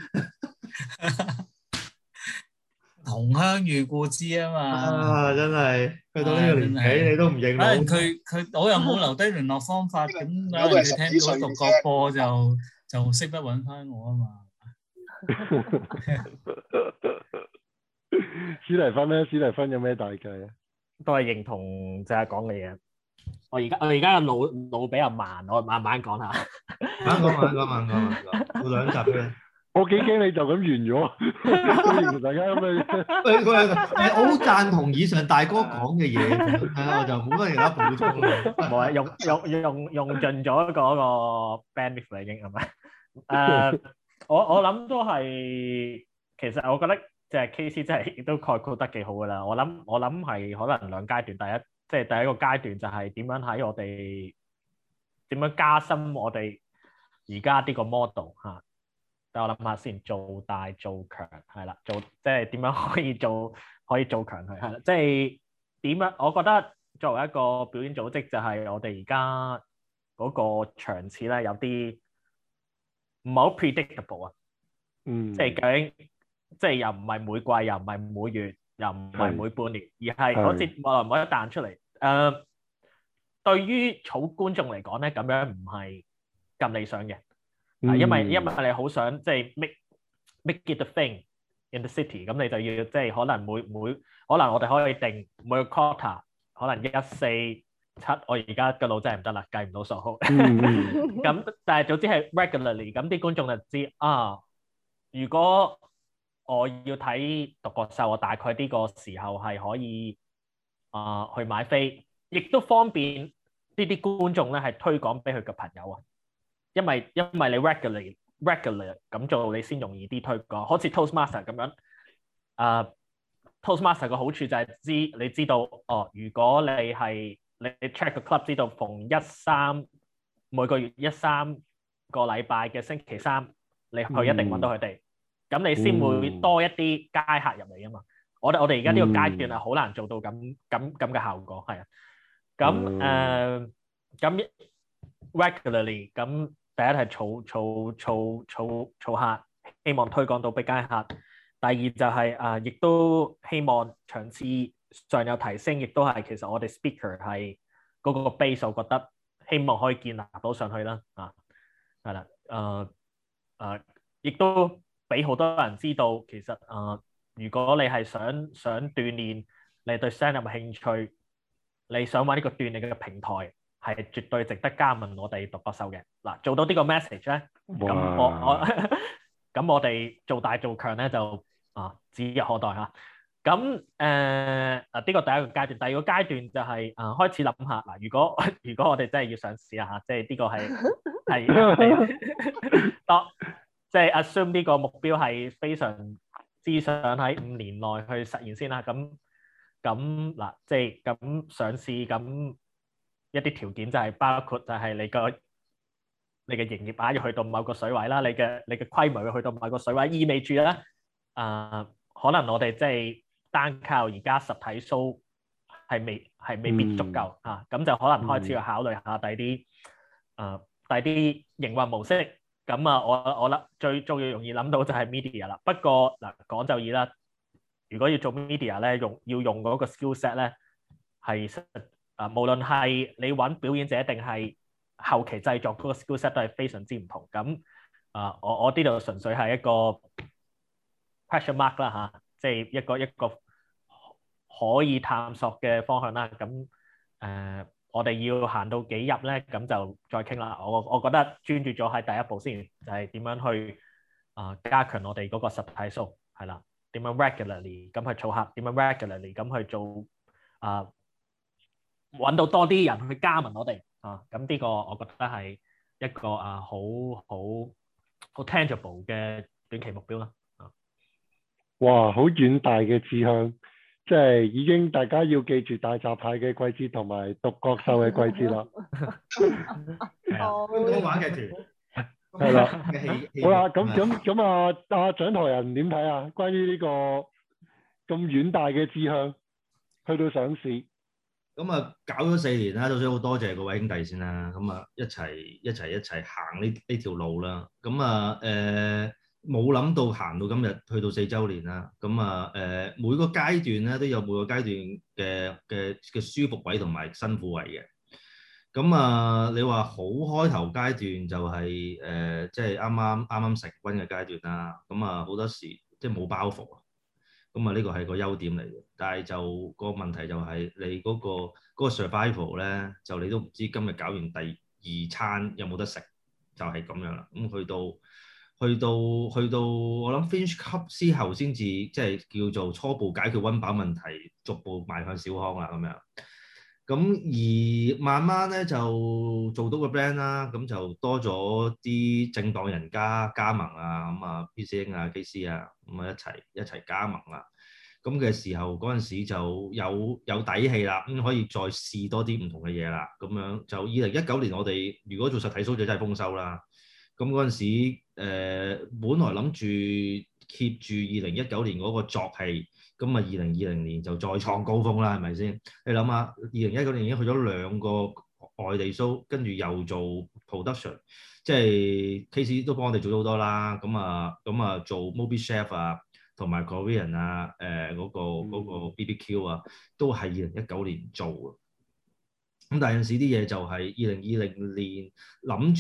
同鄉遇故知啊嘛！啊，真係。去到呢個年紀，你都唔認啦。可能佢佢我又冇留低聯絡方法，咁有人要聽我獨角播就就識得揾翻我啊嘛。史蒂芬咧，史蒂芬有咩大計啊？都係認同正阿講嘅嘢。我而家我而家嘅腦腦比較慢，我慢慢講下。慢講，慢講，慢講，慢講，冇兩集嘅。我幾驚你就咁完咗，大家咁樣。我好贊同以上大哥講嘅嘢，我就冇乜其他補充。冇啊，用用用用盡咗嗰個 benefit 已經係咪？誒，我我諗都係，其實我覺得。即係 case 真係都概括得幾好㗎啦。我諗我諗係可能兩階段。第一即係、就是、第一個階段就係點樣喺我哋點樣加深我哋而家呢個 model 吓、啊。等我諗下先，做大做強，係啦，做即係點樣可以做可以做強佢係啦。即係點樣？我覺得作為一個表演組織，就係我哋而家嗰個場次咧，有啲唔係好 predictable 啊。嗯，即係究竟？即係又唔係每季，又唔係每月，又唔係每半年，是而係好似冇來冇一彈出嚟。誒是，uh, 對於草觀眾嚟講咧，咁樣唔係咁理想嘅，因為、mm. 因為你好想即係、就是、make make it the thing in the city，咁你就要即係、就是、可能每每可能我哋可以定每個 quarter，可能一四七，我而家個腦真係唔得啦，計唔到數好。咁、 mm. 但係總之係 regularly，咁啲觀眾就知啊，如果。我要睇獨角獸，我大概呢個時候係可以啊、呃、去買飛，亦都方便眾呢啲觀眾咧係推廣俾佢嘅朋友啊。因為因為你 regularly, regular 咁做，你先容易啲推廣。好似 Toastmaster 咁樣啊、呃，Toastmaster 嘅好處就係知你知道哦。如果你係你 check 個 club，知道逢一三每個月一三個禮拜嘅星期三，你去一定揾到佢哋。嗯咁你先會多一啲街客入嚟啊嘛！我哋我哋而家呢個階段係好難做到咁咁咁嘅效果，係啊。咁誒咁 regularly，咁第一係儲儲儲儲儲客，希望推廣到俾街客；第二就係、是、啊，亦都希望場次上有提升，亦都係其實我哋 speaker 係嗰、那個 base，我覺得希望可以建立到上去啦。啊，係、啊、啦，誒誒，亦都。俾好多人知道，其實誒、呃，如果你係想想鍛鍊你對 set 嘅興趣，你想玩呢個鍛鍊嘅平台，係絕對值得加盟我哋獨角獸嘅。嗱、啊，做到個呢個 message 咧，咁我我，咁我哋、啊、做大做強咧就啊指日可待嚇。咁誒啊，呢個、呃、第一個階段，第二個階段就係、是、啊開始諗下嗱，如果如果我哋真係要上市啊，即係呢個係係多。 即係 assume 呢個目標係非常之想喺五年內去實現先啦。咁咁嗱，即係咁上市咁一啲條件就係包括就係你個你嘅營業額要去到某個水位啦，你嘅你嘅規模要去到某個水位，意味住咧誒，可能我哋即係單靠而家實體 show 係未係未必足夠啊。咁就可能開始要考慮下第二啲誒第二啲營運模式。咁啊，我我諗最最容易諗到就係 media 啦。不過嗱，講就易啦。如果要做 media 咧，用要用嗰個 skillset 咧，係誒，無論係你揾表演者定係後期製作嗰個 skillset 都係非常之唔同。咁啊，我我呢度純粹係一個 question mark 啦吓，即係一個一個可以探索嘅方向啦。咁啊。呃我哋要行到幾入咧？咁就再傾啦。我我覺得專注咗喺第一步先，就係、是、點樣去啊、呃、加強我哋嗰個實體數，係啦。點樣 regularly 咁去儲客？點樣 regularly 咁去做啊？揾、呃、到多啲人去加盟我哋啊！咁呢個我覺得係一個啊好好好 tangible 嘅短期目標啦。啊！哇！好遠大嘅志向。即係已經，大家要記住大閘蟹嘅季節同埋獨角獸嘅季節啦。我玩記住，係啦。 哎、 好啦，咁咁咁啊，阿掌舵人點睇啊？關於呢個咁遠大嘅志向，去到上市。咁啊，搞咗四年啦，首先好多謝各位兄弟先啦。咁啊，一齊一齊一齊行呢呢條路啦。咁啊，誒、呃。冇諗到行到今日，去到四周年啦。咁啊，誒、呃，每個階段咧都有每個階段嘅嘅嘅舒服位同埋辛苦位嘅。咁啊、呃，你話好開頭階段就係、是、誒、呃就是，即係啱啱啱啱成軍嘅階段啦。咁啊，好多時即係冇包袱啊。咁啊，呢、這個係個優點嚟嘅。但係就個問題就係、是、你嗰、那個、那個 survival 咧，就你都唔知今日搞完第二餐有冇得食，就係、是、咁樣啦。咁去到。去到去到，我諗 finish 級之後先至即係叫做初步解決溫飽問題，逐步邁向小康啦咁樣。咁而慢慢咧就做到個 brand 啦，咁就多咗啲正當人家加盟啊，咁啊 PC 啊 KC 啊，咁啊一齊一齊加盟啦。咁嘅時候嗰陣時就有有底氣啦，咁可以再試多啲唔同嘅嘢啦。咁樣就二零一九年我哋如果做實體 store 就真係豐收啦。咁嗰陣時、呃，本來諗住 keep 住二零一九年嗰個作氣，咁啊，二零二零年就再創高峰啦，係咪先？你諗下，二零一九年已經去咗兩個外地 show，跟住又做 production，即係 case 都幫我哋做咗好多啦。咁啊，咁啊，做 mobile chef 啊，同埋 corian 啊，誒、呃、嗰、嗰個 B B Q 啊，都係二零一九年做嘅。咁但係有陣時啲嘢就係二零二零年諗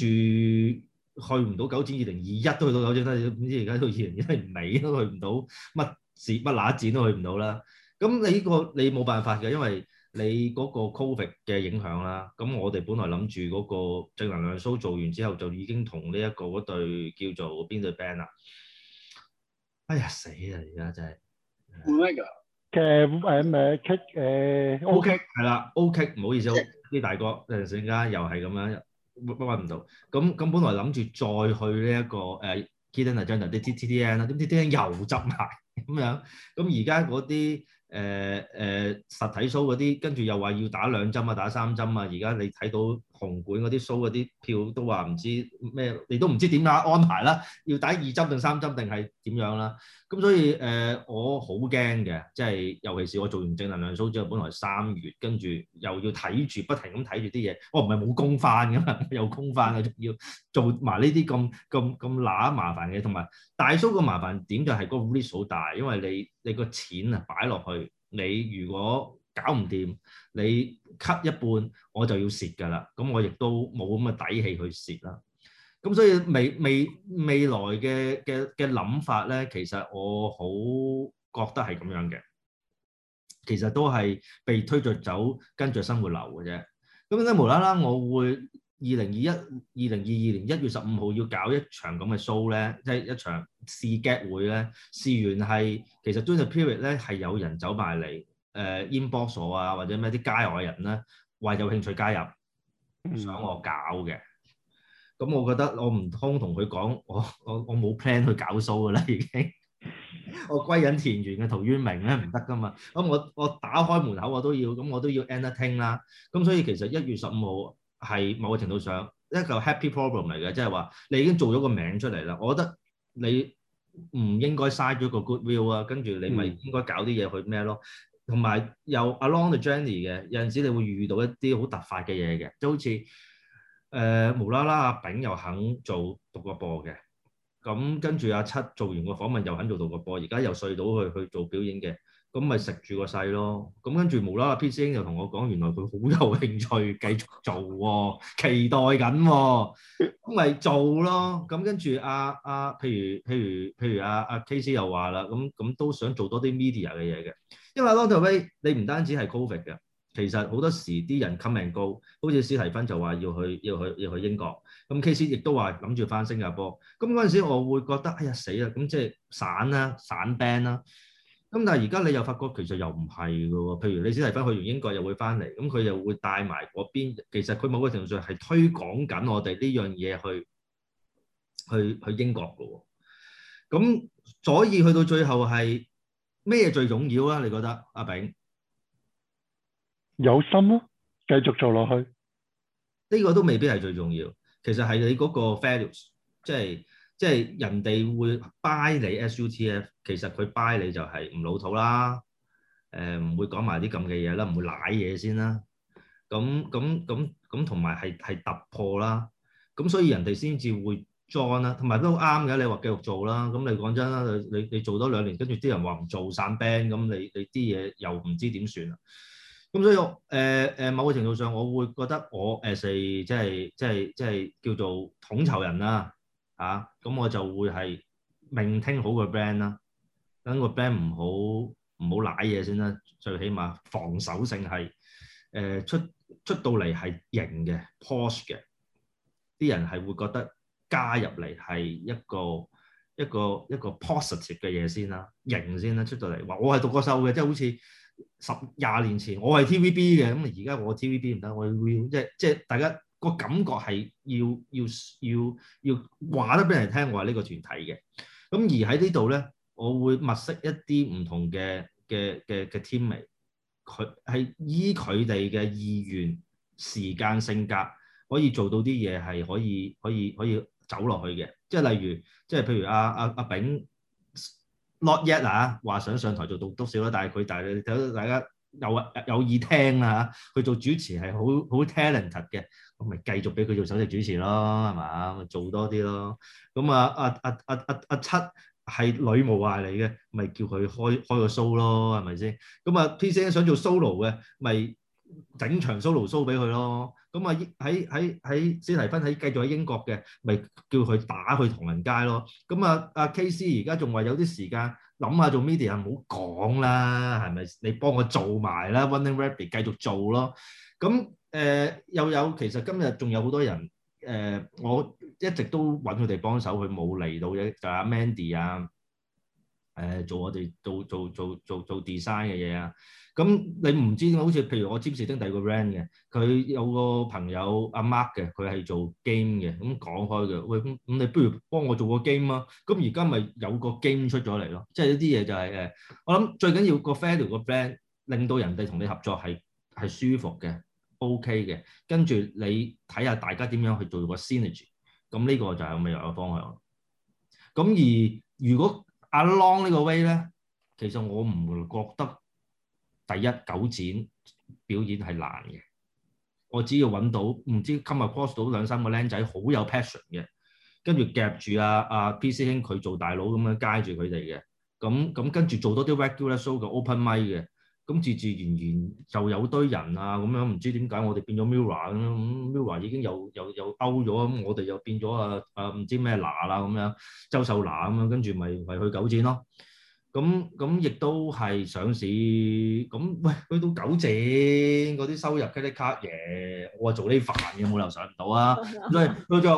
住。去唔到九展，二零二一都去到九展啦，點知而家到二零二一尾都去唔到，乜展乜乸展都去唔到啦。咁你呢個，你冇辦法嘅，因為你嗰個 Covid 嘅影響啦。咁我哋本來諗住嗰個正能量 show 做完之後，就已經同呢一個嗰對叫做邊對 band 啦。哎呀死喇！而家真係。換咩㗎？嘅誒咩？K O K 係啦，O K 唔好意思，啲大哥一陣間又係咁樣。揾，揾唔到，咁咁本來諗住再去呢、這、一個誒，Ketanor、Johnson 啲 TDDN 啦，點知 TDDN 又執埋咁樣，咁而家嗰啲誒誒實體 show 嗰啲，跟住又話要打兩針啊，打三針啊，而家你睇到。紅館嗰啲 show 嗰啲票都話唔知咩，你都唔知點解安排啦，要打二針定三針定係點樣啦。咁所以誒、呃，我好驚嘅，即係尤其是我做完正能量 show 之後，本來三月跟住又要睇住，不停咁睇住啲嘢。我唔係冇工返㗎嘛，有工返要做埋呢啲咁咁咁乸麻煩嘅，同埋大 show 個麻煩點就係嗰個 risk 好大，因為你你個錢啊擺落去，你如果搞唔掂，你 cut 一半我就要蝕噶啦，咁我亦都冇咁嘅底氣去蝕啦。咁所以未未未來嘅嘅嘅諗法咧，其實我好覺得係咁樣嘅，其實都係被推着走，跟著生活流嘅啫。咁點解無啦啦我會二零二一、二零二二年一月十五號要搞一場咁嘅 show 咧，即係一場試鏡會咧？試完係其實 transition period 咧，係有人走埋嚟。誒、呃、，inbox 我啊，或者咩啲街外人咧，話有興趣加入想我搞嘅，咁、嗯嗯、我覺得我唔通同佢講，我我我冇 plan 去搞 show 噶啦，已經 我歸隱田園嘅陶淵明咧，唔得噶嘛。咁我我打開門口我都要，咁我都要 entertain 啦。咁所以其實一月十五號係某個程度上一個 happy problem 嚟嘅，即係話你已經做咗個名出嚟啦。我覺得你唔應該嘥咗個 goodwill 啊，跟住你咪應該搞啲嘢去咩咯。嗯同埋又阿 l o n g 同 Jenny 嘅，有陣時你會遇到一啲好突發嘅嘢嘅，即係好似誒、呃、無啦啦阿炳又肯做獨角播嘅，咁跟住阿七做完個訪問又肯做獨角播，而家又隧到去去做表演嘅。咁咪食住個勢咯，咁跟住無啦啦，PC 英又同我講，原來佢好有興趣繼續做喎、啊，期待緊喎、啊，咁咪做咯。咁跟住阿阿，譬如譬如譬如阿阿 KC 又話啦，咁、嗯、咁、嗯、都想做多啲 media 嘅嘢嘅，因為 long term 你唔單止係 covid 嘅，其實好多時啲人 come and go，好似史提芬就話要去要去，要去，要，去要去英國，咁 KC 亦都話諗住翻新加坡。咁嗰陣時我會覺得哎呀死啦，咁即係散啦、啊，散 band 啦。咁但係而家你又發覺其實又唔係嘅喎，譬如你先黎翻去完英國又會翻嚟，咁佢又會帶埋嗰邊，其實佢某個程序上係推廣緊我哋呢樣嘢去，去去英國嘅喎。咁所以去到最後係咩最重要啊？你覺得阿炳有心咯，繼續做落去。呢個都未必係最重要，其實係你嗰個 values，即係。即係人哋會 buy 你 SUTF，其實佢 buy 你就係唔老土啦，誒、呃、唔會講埋啲咁嘅嘢啦，唔會舐嘢先啦。咁咁咁咁同埋係係突破啦。咁、嗯、所以人哋先至會 join 啦，同埋都啱嘅。你話繼續做啦，咁你講真啦，你你，你做多兩年，跟住啲人話唔做散 band，咁、嗯、你你啲嘢又唔知點算啦。咁、嗯、所以誒誒、呃呃、某個程度上，我會覺得我誒係即係即係即係叫做統籌人啦。嚇，咁、啊、我就會係明聽好個 brand 啦，等個 brand 唔好唔好賴嘢先啦，最起碼防守性係誒、呃、出出到嚟係贏嘅 positive 嘅，啲人係會覺得加入嚟係一個一個一個 positive 嘅嘢先啦，贏先啦，出到嚟話我係獨角獸嘅，即、就、係、是、好似十廿年前我係 TVB 嘅，咁而家我 TVB 唔得，我會即係即係大家。個感覺係要要要要話得俾人聽，我係呢個團體嘅。咁而喺呢度咧，我會物色一啲唔同嘅嘅嘅嘅 teammate，佢係依佢哋嘅意願、時間、性格，可以做到啲嘢係可以可以可以走落去嘅。即係例如，即係譬如阿阿阿炳 not yet 啊，話、啊啊啊、想上台做到多少啦，但係佢但係你睇到大家。有啊，有意聽啊，佢做主持係好好 talent 嘅，我咪繼續俾佢做首席主持咯，係嘛？咪做多啲咯。咁啊，阿阿阿阿阿七係女模嚟嘅，咪叫佢開開個 show 咯，係咪先？咁啊，PCN 想做 solo 嘅，咪整場 solo show 俾佢咯。咁啊，喺喺喺史提芬喺繼續喺英國嘅，咪叫佢打去唐人街咯。咁啊，阿 K.C. 而家仲話有啲時間。諗下做 media 唔好講啦，係咪？你幫我做埋啦，Running Rabbit 繼續做咯。咁誒又有，其實今日仲有好多人誒，我一直都揾佢哋幫手，佢冇嚟到嘅，就阿 Mandy 啊，誒做我哋做做做做做 design 嘅嘢啊。咁、嗯、你唔知好似譬如我詹士丁第二個 r a n 嘅，佢有個朋友阿、啊、Mark 嘅，佢係做 game 嘅。咁、嗯、講開嘅，喂咁你不如幫我做個 game 啊？咁而家咪有個 game 出咗嚟咯。即係一啲嘢就係、是、誒，我諗最緊要個 friend 聊個 friend 令到人哋同你合作係係舒服嘅，OK 嘅。跟住你睇下大家點樣去做個 synergy 咁呢個就係未來嘅方向。咁、嗯、而如果阿 Long 呢個 way 咧，其實我唔覺得。第一九展表演係難嘅，我只要揾到唔知今日 post 到兩三個僆仔好有 passion 嘅，跟住夾住阿阿 PC 兄佢做大佬咁樣街住佢哋嘅，咁咁跟住做多啲 regular show 嘅 open mic 嘅，咁自自然然就有堆人啊咁樣，唔知點解我哋變咗 Mirror 咁樣，Mirror 已經又又又 out 咗，咁我哋又變咗啊啊唔知咩娜啦咁樣，周秀娜咁樣，跟住咪去九展咯。咁咁亦都係上市，咁、嗯、喂去到九正嗰啲收入 credit card 嘢，我話做呢份嘅，冇理由上唔到啊，佢 就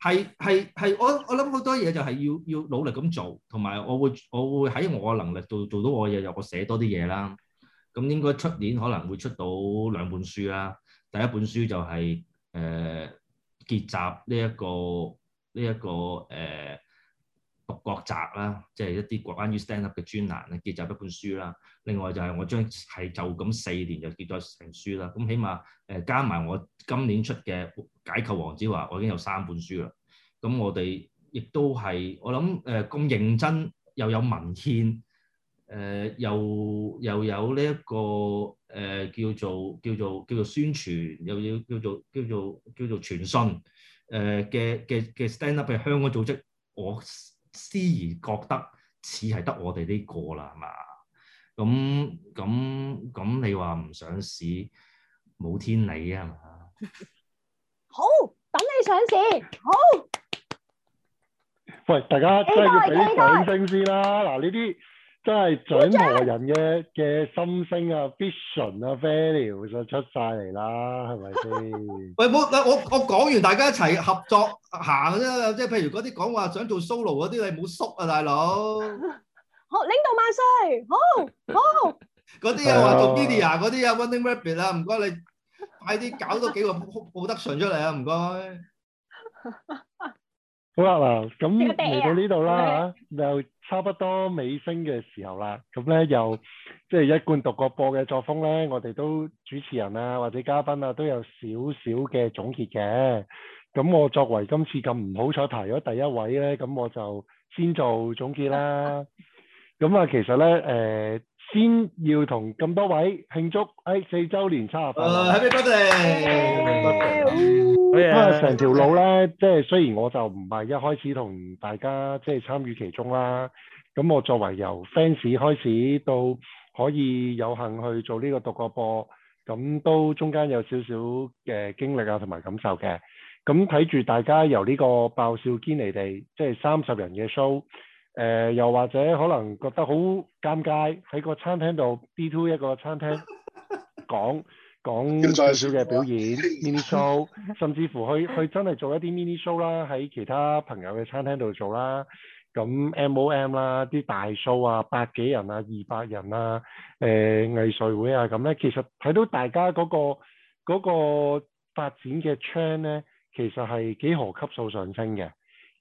係係係我我諗好多嘢就係要要努力咁做，同埋我會我會喺我嘅能力度做到我嘅嘢，我寫多啲嘢啦。咁應該出年可能會出到兩本書啦。第一本書就係、是、誒、呃、結集呢、這、一個呢一、這個誒。呃國雜啦，即係一啲關於 stand up 嘅專欄啦，結集一本書啦。另外就係我將係就咁四年就結咗成書啦。咁起碼誒加埋我今年出嘅解構黃子華，我已經有三本書啦。咁我哋亦都係我諗誒咁認真，又有文獻誒、呃，又又有呢、這、一個誒、呃、叫做叫做叫做宣傳，又要叫做叫做叫做傳信誒嘅嘅嘅 stand up 嘅香港組織，我。思而覺得似係得我哋呢個啦，係嘛？咁咁咁，你話唔上市冇天理啊？係嘛？ 好，等你上市。好，喂，大家都係要俾啲掌聲先啦。嗱，呢啲。真係掌磨人嘅嘅心聲啊，vision 啊，value 就出晒嚟啦，係咪先？喂，冇，我我講完大家一齊合作行啫，即係譬如嗰啲講話想做 solo 嗰啲，你唔好縮啊，大佬！好，領導萬歲！好，好。嗰啲又話做 IdiA 嗰啲啊，Running Rabbit 啊，唔該你快啲搞多幾個 production 出嚟啊，唔該。好啦嗱，咁嚟到呢度啦吓，就。差不多尾聲嘅時候啦，咁咧又即係一貫獨角播嘅作風咧，我哋都主持人啊或者嘉賓啊都有少少嘅總結嘅。咁我作為今次咁唔好彩提咗第一位咧，咁我就先做總結啦。咁啊，其實咧誒，先要同咁多位慶祝誒四週年七啊八。誒，Happy Birthday。因為，成 Yeah. 條路咧，即係雖然我就唔係一開始同大家即係、就是、參與其中啦。咁我作為由 fans 開始到可以有幸去做呢個獨角播，咁都中間有少少嘅經歷啊，同埋感受嘅。咁睇住大家由呢個爆笑堅尼地，即係三十人嘅 show，呃。誒，又或者可能覺得好尷尬喺個餐廳度，B two 一個餐廳講。 講最少嘅表演 mini show，甚至乎去去真係做一啲 mini show 啦，喺其他朋友嘅餐廳度做啦。咁 MOM 啦，啲大 show 啊，百幾人啊，二百人啊，誒藝穗會啊，咁咧，其實睇到大家嗰個嗰個發展嘅 chain 咧，其實係幾何級數上升嘅。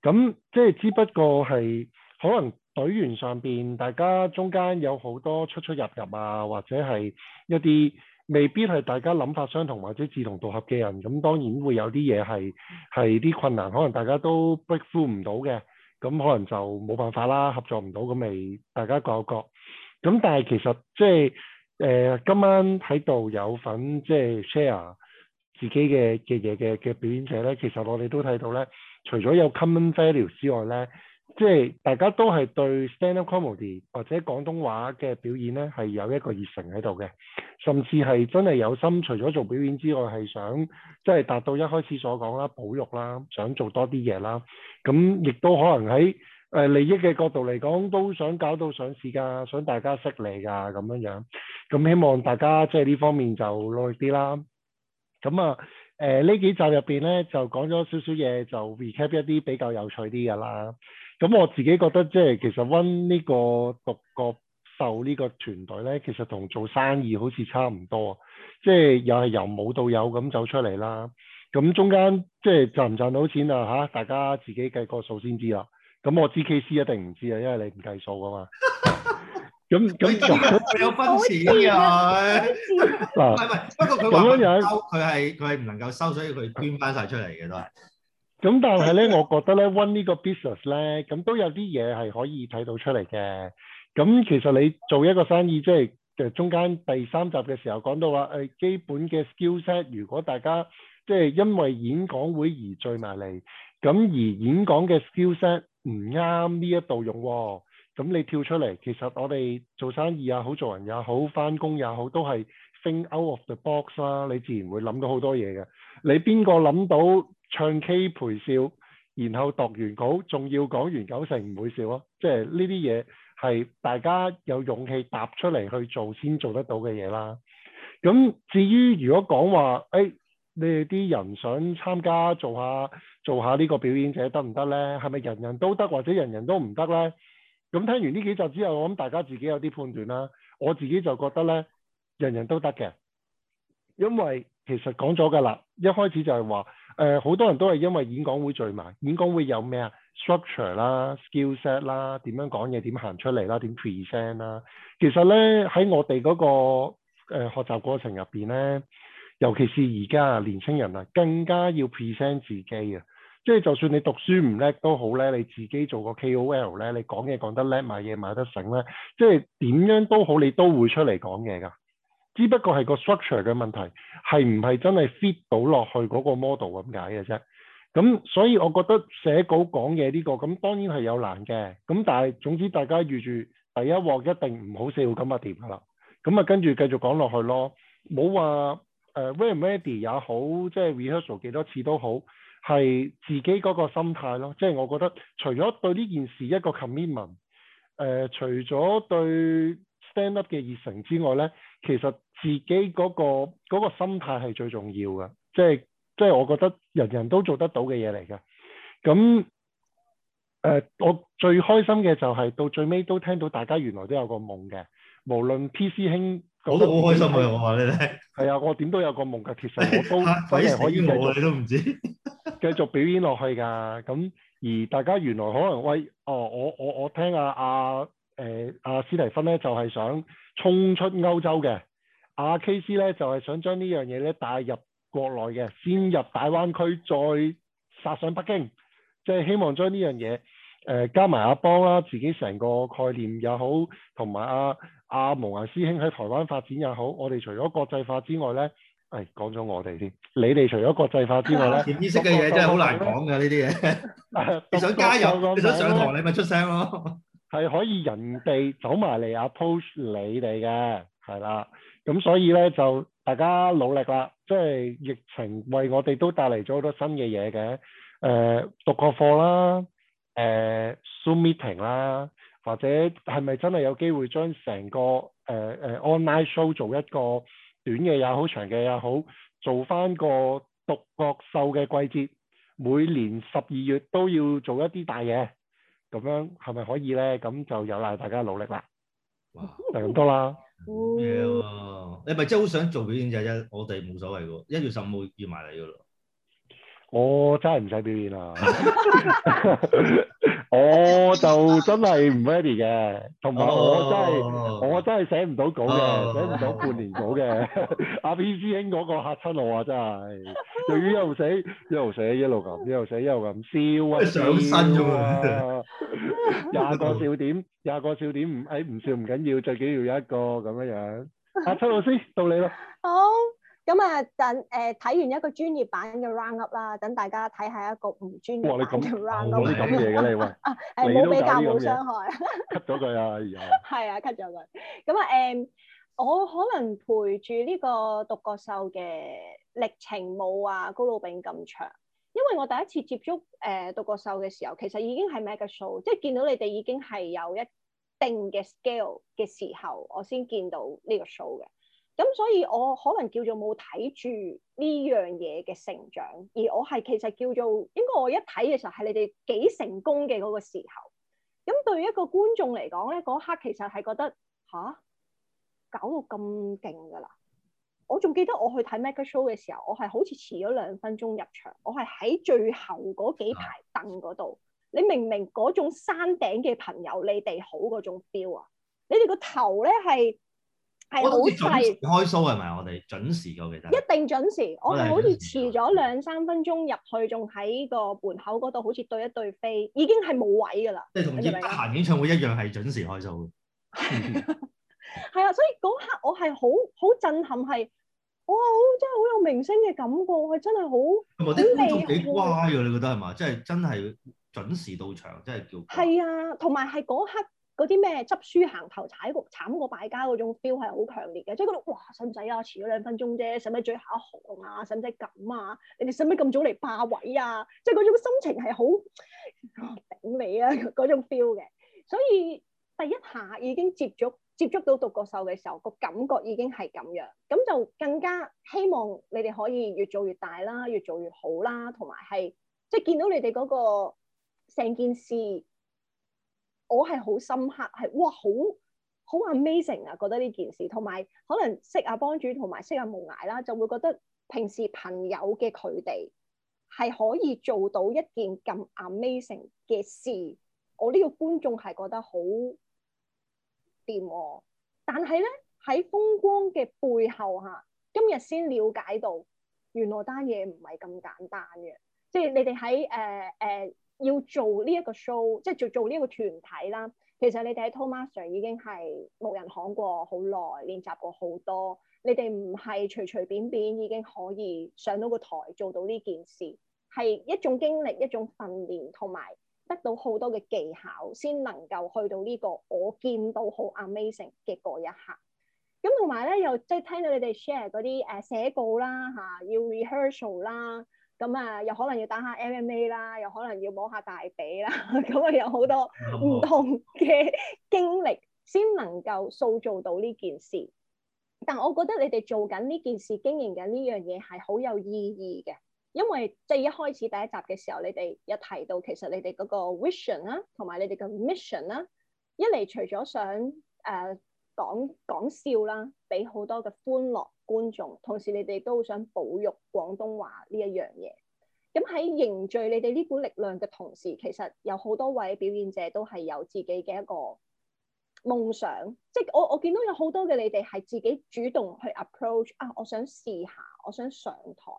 咁即係只不過係可能隊員上邊，大家中間有好多出出入入啊，或者係一啲。未必係大家諗法相同或者志同道合嘅人，咁當然會有啲嘢係係啲困難，可能大家都逼呼唔到嘅，咁可能就冇辦法啦，合作唔到，咁咪大家各有各。咁但係其實即係誒，今晚喺度有份即係 share 自己嘅嘅嘢嘅嘅表演者咧，其實我哋都睇到咧，除咗有 common value 之外咧。即係大家都係對 stand up comedy 或者廣東話嘅表演呢係有一個熱誠喺度嘅，甚至係真係有心除咗做表演之外係想即係達到一開始所講啦，保育啦，想做多啲嘢啦，咁亦都可能喺誒、呃、利益嘅角度嚟講都想搞到上市㗎，想大家識你㗎咁樣樣，咁希望大家即係呢方面就努力啲啦。咁啊誒呢、呃、幾集入邊呢，就講咗少少嘢，就 recap 一啲比較有趣啲嘢啦。咁我自己覺得即係其實 One 呢個獨角獸呢個團隊咧，其實同做生意好似差唔多，即係又係由冇到有咁走出嚟啦。咁中間即係賺唔賺到錢啊？嚇，大家自己計個數先知啦。咁我知 K C 一定唔知啊，因為你唔計數啊嘛。咁咁佢有分錢㗎、啊、佢。嗱，係唔、哎、呀不，不，不過佢話唔收，佢係佢係唔能夠收，所以佢捐翻晒出嚟嘅都係。咁但係咧，我覺得咧，溫呢個 business 咧，咁都有啲嘢係可以睇到出嚟嘅。咁其實你做一個生意，即係誒中間第三集嘅時候講到話，誒基本嘅 skill set，如果大家即係、就是、因為演講會而聚埋嚟，咁而演講嘅 skill set 唔啱呢一度用，咁你跳出嚟，其實我哋做生意也好，做人也好，返工也好，都係 think out of the box 啦。你自然會諗到好多嘢嘅。你邊個諗到？唱 K 陪笑，然後讀完稿，仲要講完九成唔會笑咯。即係呢啲嘢係大家有勇氣踏出嚟去做先做得到嘅嘢啦。咁至於如果講話，誒、哎、你哋啲人想參加做下做下呢個表演者得唔得呢？係咪人人都得或者人人都唔得呢？咁聽完呢幾集之後，我諗大家自己有啲判斷啦。我自己就覺得呢，人人都得嘅，因為其實講咗㗎啦，一開始就係話。誒好、呃、多人都係因為演講會聚埋，演講會有咩啊？Structure 啦，skill set 啦，點樣講嘢，點行出嚟啦，點 present 啦。其實咧喺我哋嗰、那個誒、呃、學習過程入邊咧，尤其是而家年青人啊，更加要 present 自己啊。即係就算你讀書唔叻都好咧，你自己做個 KOL 咧，你講嘢講得叻，賣嘢賣得醒咧，即係點樣都好，你都會出嚟講嘢㗎。只不過係個 structure 嘅問題，係唔係真係 fit 到落去嗰個 model 咁解嘅啫。咁所以我覺得寫稿講嘢呢個，咁當然係有難嘅。咁但係總之大家預住第一鑊一定唔好笑咁啊，掂㗎啦。咁啊，跟住繼續講落去咯。冇話誒，ready 唔 ready 也好，即係 rehearsal 幾多次都好，係自己嗰個心態咯。即係我覺得，除咗對呢件事一個 commitment，誒、呃，除咗對。Stand up 嘅熱誠之外咧，其實自己嗰、嗰個嗰個心態係最重要嘅，即係即係我覺得人人都做得到嘅嘢嚟嘅。咁誒、呃，我最開心嘅就係、是、到最尾都聽到大家原來都有個夢嘅，無論 PC 兄我都好開心 啊！我話你聽，係啊，我點都有個夢嘅，其實我都反而可以冇你都唔知， 繼續表演落去㗎。咁而大家原來可能喂，哦，我我我聽啊啊～誒阿斯提芬咧就係、是、想衝出歐洲嘅，阿、啊、KC 咧就係、是、想將呢樣嘢咧帶入國內嘅，先入大灣區再殺上北京，即、就、係、是、希望將呢樣嘢誒加埋阿邦啦、啊，自己成個概念也好，同埋阿阿毛牙師兄喺台灣發展也好，我哋除咗國際化之外咧，誒講咗我哋先，你哋除咗國際化之外咧，潛意識嘅嘢真係好難講㗎呢啲嘢， 你想加油入你想上堂，你咪出聲咯。係可以人哋走埋嚟 approach 你哋嘅，係啦，咁所以咧就大家努力啦，即係疫情為我哋都帶嚟咗好多新嘅嘢嘅，誒、呃、讀個課啦，誒 Zoom meeting 啦，或者係咪真係有機會將成個誒誒、呃呃、online show 做一個短嘅也好，長嘅也好，做翻個獨角獸嘅季節，每年十二月都要做一啲大嘢。咁樣係咪可以咧？咁就有賴大家努力啦。哇就咁多啦。唔要、啊、你咪真係好想做表演就啫，我哋冇所謂嘅喎，一月十五號要埋嚟嘅咯。我真係唔使表演喇。 Oh, 我就真係唔 ready 嘅，同埋我真係我真係寫唔到稿嘅，寫唔到半年稿嘅。阿 B 師兄嗰個吓親我啊，真係，又要一路寫，一路寫，一路咁，一路寫，一路咁，笑啊！上身啫廿個笑點，廿個笑點唔，誒唔、哎、笑唔緊要，最緊要有一個咁樣樣。阿秋老師到你啦。好。Oh. 咁啊、嗯，等誒睇、呃、完一個專業版嘅 round up 啦，等大家睇下一個唔專業版嘅 round up 你咁嘢嘅你喂，你都冇比較冇傷害。cut 咗佢啊！然係啊 cut 咗佢。咁 啊，誒、嗯，我可能陪住呢個獨角獸嘅歷程冇啊高老餅咁長，因為我第一次接觸誒獨角獸嘅時候，其實已經係 Mega Show，即係見到你哋已經係有一定嘅 scale 嘅時候，我先見到呢個 show 嘅。咁所以，我可能叫做冇睇住呢樣嘢嘅成長，而我係其實叫做應該我一睇嘅時候，係你哋幾成功嘅嗰個時候。咁對於一個觀眾嚟講咧，嗰刻其實係覺得吓、啊，搞到咁勁噶啦！我仲記得我去睇 Magic Show 嘅時候，我係好似遲咗兩分鐘入場，我係喺最後嗰幾排凳嗰度。你明唔明嗰種山頂嘅朋友，你哋好嗰種 feel 啊！你哋個頭咧係～係好細開 show 係咪？我哋準時噶，其實，一定準時。我哋好似遲咗兩三分鐘入去，仲喺個門口嗰度，好似對一對飛，已經係冇位噶啦。即係同葉嘉嫻演唱會一樣，係準時開 show。係 啊，所以嗰刻我係好好震撼，係我好真係好有明星嘅感覺，係真係好。佢哋觀眾幾乖噶？你覺得係嘛？即係真係準時到場，真係叫係啊！同埋係嗰刻。嗰啲咩執書行頭踩過，慘過敗家嗰種 feel 係好強烈嘅，即係覺得哇，使唔使啊？遲咗兩分鐘啫，使唔使最下一行啊？使唔使咁啊？你哋使唔使咁早嚟霸位啊？即係嗰種心情係好、啊、頂你啊嗰種 feel 嘅。所以第一下已經接觸接觸到獨角獸嘅時候，個感覺已經係咁樣，咁就更加希望你哋可以越做越大啦，越做越好啦，同埋係即係見到你哋嗰個成件事。我係好深刻，係哇，好好 amazing 啊！覺得呢件事，同埋可能識阿幫主同埋識阿無涯啦，就會覺得平時朋友嘅佢哋係可以做到一件咁 amazing 嘅事，我呢個觀眾係覺得好掂喎啊。但係咧，喺風光嘅背後嚇，今日先了解到原來單嘢唔係咁簡單嘅，即係你哋喺誒誒。呃呃要做呢一個 show，即係做做呢個團體啦。其實你哋喺 Tommy 上已經係冇人行過好耐，練習過好多。你哋唔係隨隨便，便便已經可以上到個台做到呢件事，係一種經歷、一種訓練，同埋得到好多嘅技巧，先能夠去到呢個我見到好 amazing 嘅嗰一刻。咁同埋咧，又即係聽到你哋 share 嗰啲誒寫稿啦，嚇要 rehearsal 啦。咁啊，又可能要打下 MMA 啦，又可能要摸下大髀啦，咁 啊，有好多唔同嘅經歷先能夠塑造到呢件事。但我覺得你哋做緊呢件事、經營緊呢樣嘢係好有意義嘅，因為即係一開始第一集嘅時候，你哋有提到其實你哋嗰個 vision 啦、啊，同埋你哋嘅 mission 啦、啊，一嚟除咗想誒講講笑啦，俾好多嘅歡樂。觀眾，同時你哋都想保育廣東話呢一樣嘢。咁喺凝聚你哋呢股力量嘅同時，其實有好多位表演者都係有自己嘅一個夢想，即係我我見到有好多嘅你哋係自己主動去 approach 啊，我想試下，我想上台。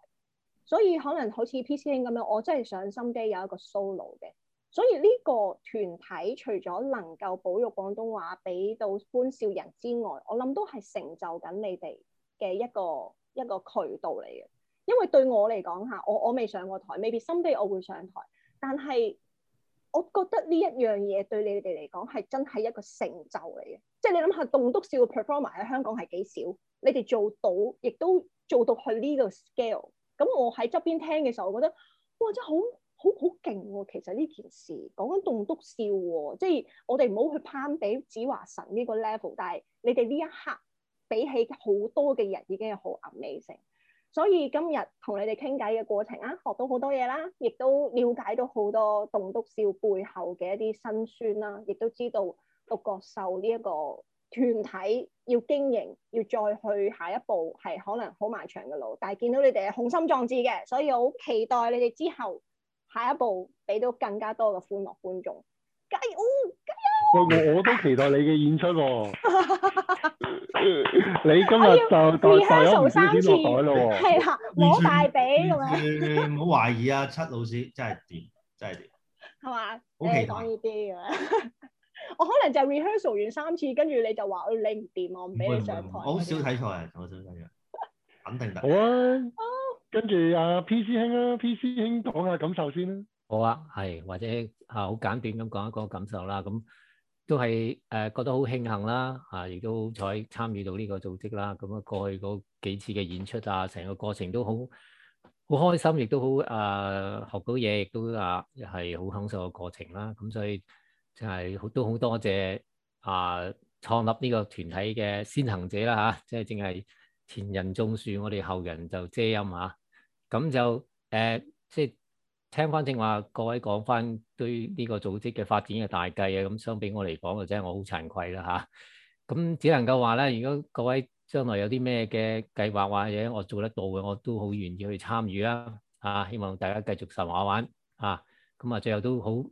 所以可能好似 P. C. N. 咁樣，我真係想心機有一個 solo 嘅。所以呢個團體除咗能夠保育廣東話俾到觀衆人之外，我諗都係成就緊你哋。嘅一個一個渠道嚟嘅，因為對我嚟講吓，我我未上過台，maybe someday 我會上台，但係我覺得呢一樣嘢對你哋嚟講係真係一個成就嚟嘅，即係你諗下棟篤笑嘅 performer 喺香港係幾少，你哋做到亦都做到去呢個 scale，咁我喺側邊聽嘅時候，我覺得哇真係好好好勁喎，其實呢件事講緊棟篤笑喎、啊，即係我哋唔好去攀比子華神呢個 level，但係你哋呢一刻。比起好多嘅人已經係好暗味性，所以今日同你哋傾偈嘅過程啊，學到好多嘢啦，亦都了解到好多棟篤笑背後嘅一啲辛酸啦，亦都知道獨角獸呢一個團體要經營，要再去下一步係可能好漫長嘅路，但係見到你哋係雄心壯志嘅，所以我好期待你哋之後下一步俾到更加多嘅歡樂觀眾。加油！加油！我我都期待你嘅演出喎、哦。 你今日就 rehearsal 三次，係啦，攞大髀咁樣。唔好懷疑啊，七老師真係掂，真係掂，係嘛？好講呢啲咁樣，我可能就 rehearsal 完三次，跟住你就話你唔掂，我唔俾你上台。我好少睇錯人，我好少睇錯，肯定得。好啊，跟住阿 P 師兄啦，P 師兄講下感受先啦。好啊，係或者啊，好簡短咁講一個感受啦，咁。都係誒、呃、覺得好慶幸啦，嚇、啊！亦都好彩參與到呢個組織啦，咁、嗯、啊過去嗰幾次嘅演出啊，成個過程都好好開心，亦都好誒、呃、學到嘢，亦都啊係好享受個過程啦。咁、嗯、所以就係好都好多謝啊、呃、創立呢個團體嘅先行者啦嚇，即係正係前人種樹，我哋後人就遮陰嚇、啊。咁就誒即係。聽翻正話，各位講翻對呢個組織嘅發展嘅大計啊，咁相比我嚟講，就真係我好慚愧啦吓。咁、啊、只能夠話咧，如果各位將來有啲咩嘅計劃或者我做得到嘅，我都好願意去參與啊。啊，希望大家繼續神話玩啊。咁啊，最後都好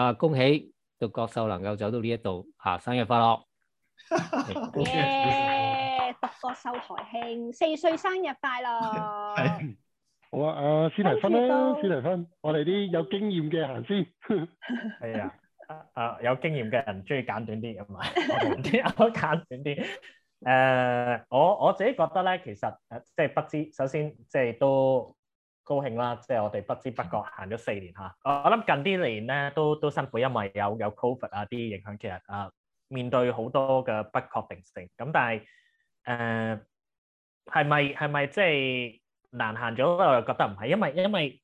啊，恭喜獨角獸能夠走到呢一度，吓、啊、生日快樂！耶，獨角獸台慶四歲生日快樂！ 好啊，阿、啊、史提芬啦，史提芬，我哋啲有經驗嘅行先。係啊，啊，有經驗嘅人中意簡短啲，係嘛？簡短啲，誒，我我自己覺得咧，其實誒，即係不知，首先即係都高興啦，即係我哋不知不覺行咗四年吓。我諗近啲年咧都都辛苦因為，有有 COVID 啊啲影響，其實啊面對好多嘅不確定性。咁但係誒係咪係咪即係？啊是難行咗，我又覺得唔係，因為因為誒、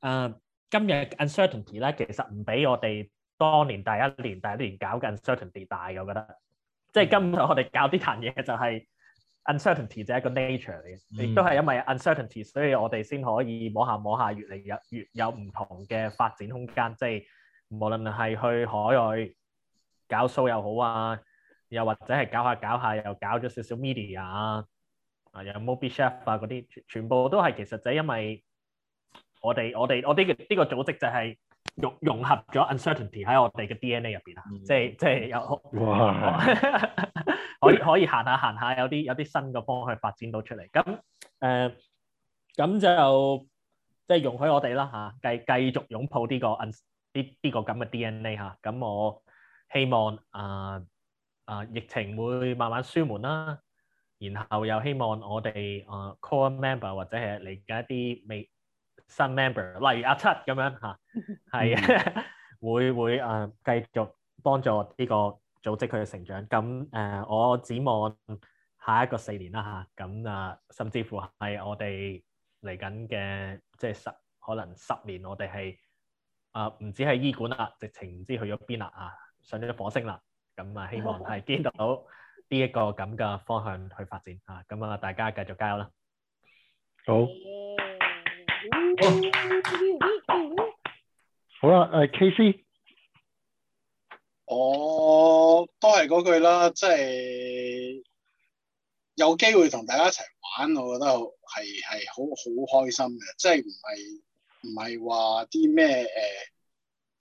呃、今日 uncertainty 咧，其實唔俾我哋當年第一年第一年搞緊 uncertainty 大嘅，我覺得。嗯、即係根本我哋搞啲嘢就係 uncertainty 就係一個 nature 嚟嘅，亦都係因為 uncertainty，所以我哋先可以摸下摸下越越，越嚟越越有唔同嘅發展空間。即係無論係去海外搞 show 又好啊，又或者係搞下搞下又搞咗少少 media 啊。Chef 啊，有 Mobisha 啊，嗰啲全部都係，其實就係因為我哋我哋我哋嘅呢個組織就係融融合咗 uncertainty 喺我哋嘅 DNA 入邊啊，即係即係有哇 可，可以可以行下行下，有啲有啲新嘅方向去發展到出嚟。咁誒，咁、呃、就即係、就是、容許我哋啦吓、啊，繼繼續擁抱呢個呢呢、這個咁嘅 DNA 吓。咁、這個啊、我希望啊啊，啊疫情會慢慢舒緩啦。然後又希望我哋誒 core member 或者係嚟緊一啲未新 member，例如阿七咁樣嚇，係、嗯、 會會誒繼、呃、續幫助呢個組織佢嘅成長。咁誒、呃，我展望下一個四年啦嚇，咁啊，甚至乎係我哋嚟緊嘅即係十可能十年，我哋係啊唔止係醫管啦，直情唔知去咗邊啦啊，上咗火星啦。咁啊，希望係見到。 呢一個咁嘅方向去發展啊！咁啊，大家繼續加油啦！好， 好啦，誒，KC，我都係嗰句啦，即係有機會同大家一齊玩，我覺得係係好好開心嘅，即係唔係唔係話啲咩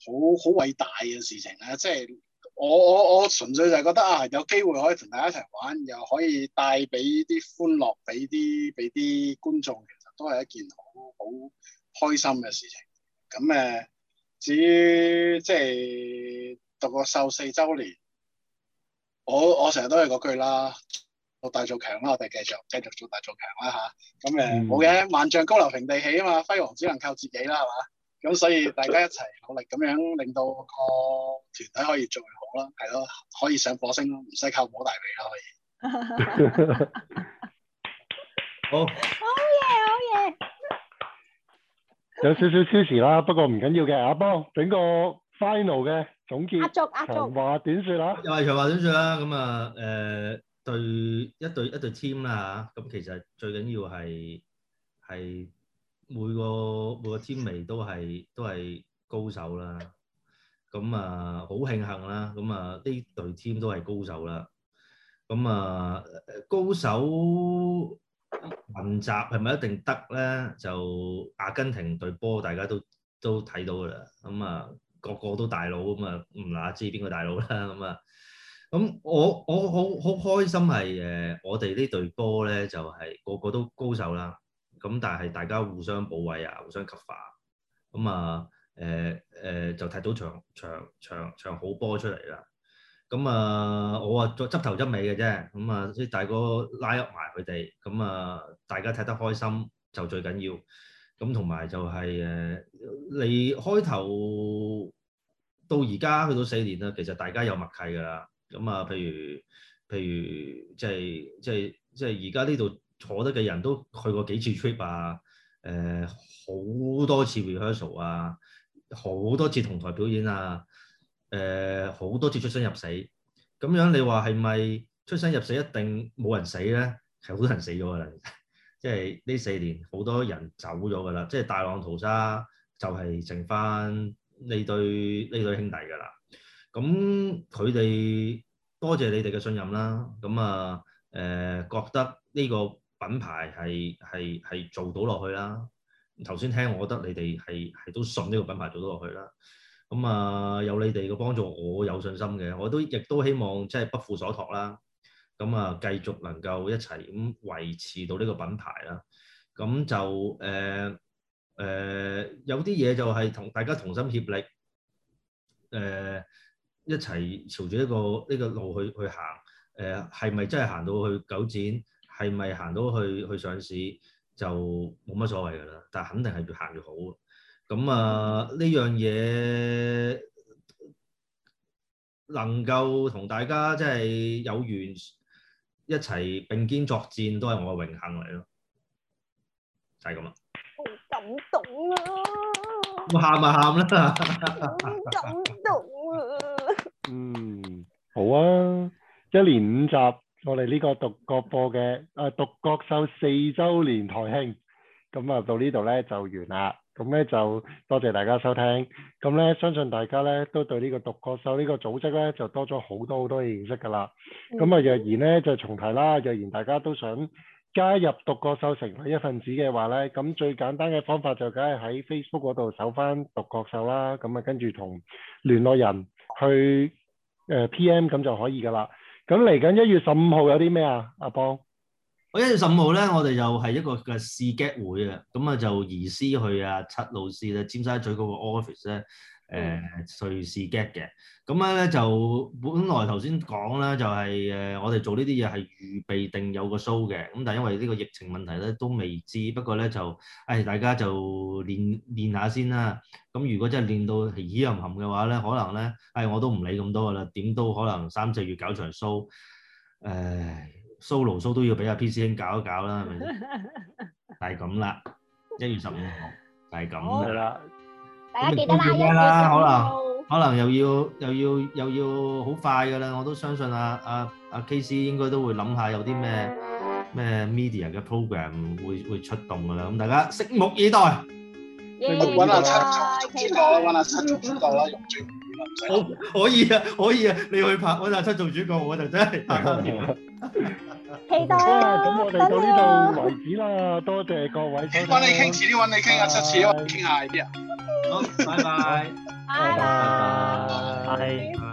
誒好好偉大嘅事情咧，即係。我我我純粹就係覺得啊，有機會可以同大家一齊玩，又可以帶俾啲歡樂俾啲俾啲觀眾，其實都係一件好好開心嘅事情。咁誒，至於即係讀個壽四週年，我我成日都係嗰句啦，我大做強啦，我哋繼續繼續做大做強啦吓，咁誒冇嘅，萬丈高樓平地起啊嘛，輝煌只能靠自己啦，係嘛咁，所以大家一齊努力咁樣，令到個團體可以做啦，係咯，可以上火星咯，唔使靠好大髀啦，可以。好。好嘢，好嘢。有少少超時啦，不過唔緊要嘅。阿波，整個 final 嘅總結。阿叔，阿叔。話短說啦？又係，長話短說啦？咁啊，誒，對一隊一隊 team 啦吓，咁其實最緊要係係每個每個 team 嚟都係都係高手啦。咁啊，好、嗯、慶幸啦！咁、嗯、啊，呢隊 team 都係高手啦。咁、嗯、啊，高手雲集係咪一定得咧？就阿根廷隊波大家都都睇到噶啦。咁、嗯、啊、嗯，個個都大佬咁啊，唔、嗯、哪知邊個大佬啦？咁、嗯、啊，咁、嗯嗯、我我好好開心係誒，我哋呢隊波咧就係、是、個個都高手啦。咁、嗯、但係大家互相補位啊，互相 cover。咁、嗯、啊。嗯嗯誒誒、呃呃、就踢到場場場場好波出嚟啦！咁啊、呃，我啊執頭執尾嘅啫，咁啊，啲大哥拉入埋佢哋，咁啊，大家踢得開心就最緊要。咁同埋就係、是、誒、呃，你開頭到而家去到，到四年啦，其實大家有默契㗎啦。咁啊，譬如譬如即係即係即係而家呢度坐得嘅人都去過幾次 trip 啊，誒、呃、好多次 rehearsal 啊。好多次同台表演啊，誒、呃、好多次出生入死，咁樣你話係咪出生入死一定冇人死咧？係好多人死咗噶啦， 即係呢四年好多人走咗噶啦，即係大浪淘沙就係剩翻呢對呢對兄弟噶啦。咁佢哋多謝你哋嘅信任啦、啊。咁啊誒、呃、覺得呢個品牌係係係做到落去啦。頭先聽，我覺得你哋係係都信呢個品牌做得落去啦。咁啊，有你哋嘅幫助，我有信心嘅。我都亦都希望即係不負所託啦。咁啊，繼續能夠一齊咁維持到呢個品牌啦。咁就誒誒、呃呃，有啲嘢就係同大家同心協力，誒、呃、一齊朝住呢、這個呢、這個路去去行。誒係咪真係行到去九展？係咪行到去去上市？就冇乜所謂噶啦，但係肯定係越行越好。咁啊，呢、呃、樣嘢能夠同大家即係有緣一齊並肩作戰，都係我嘅榮幸嚟咯。就係咁啦。好感動啊！我喊啊喊啦。好感動啊！嗯，好啊，一連五集。我哋呢個獨角播嘅，啊獨角秀四週年台慶，咁、嗯、啊到呢度呢就完啦，咁呢就多謝大家收聽，咁呢相信大家呢都對呢個獨角秀呢個組織呢就多咗好多好多認識㗎啦，咁啊、嗯、若然呢就重提啦，若然大家都想加入獨角秀成為一份子嘅話呢，咁最簡單嘅方法就梗係喺 Facebook 嗰度搜返獨角秀啦，咁啊跟住同聯絡人去誒 PM 咁就可以㗎啦。咁嚟緊一月十五號有啲咩啊？阿邦，一月十五號咧，我哋又係一個嘅試 get 會啊，咁啊就移師去啊，七路師咧，尖沙咀嗰個 office 咧。誒、嗯呃、隨時 get 嘅，咁咧就本來頭先講啦，就係、是、誒我哋做呢啲嘢係預備定有個 show 嘅，咁但係因為呢個疫情問題咧都未知，不過咧就誒大家就練練下先啦。咁如果真係練到咦又冚嘅話咧，可能咧誒我都唔理咁多噶啦，點都可能三四月搞場 show，誒 solo show 都要俾阿 PCN 搞一搞啦，係咪？係咁啦，一月十五號係咁啦。大家記得啦，一月十五號，可能又要又要又要好快㗎喇，我都相信阿阿阿 KC 應該都會諗下有啲咩咩 media 嘅 program 會會出動㗎喇，咁大家拭目以待，拭目以待，期待揾下出出道啦，融轉。好可以啊，可以啊，你去拍，我就出做主角，我就真係大三跳。期待啊！咁我哋到呢度為止啦，多謝各位，揾你傾，遲啲揾你傾啊，下次，傾下啲啊。好，拜拜，拜拜，拜拜！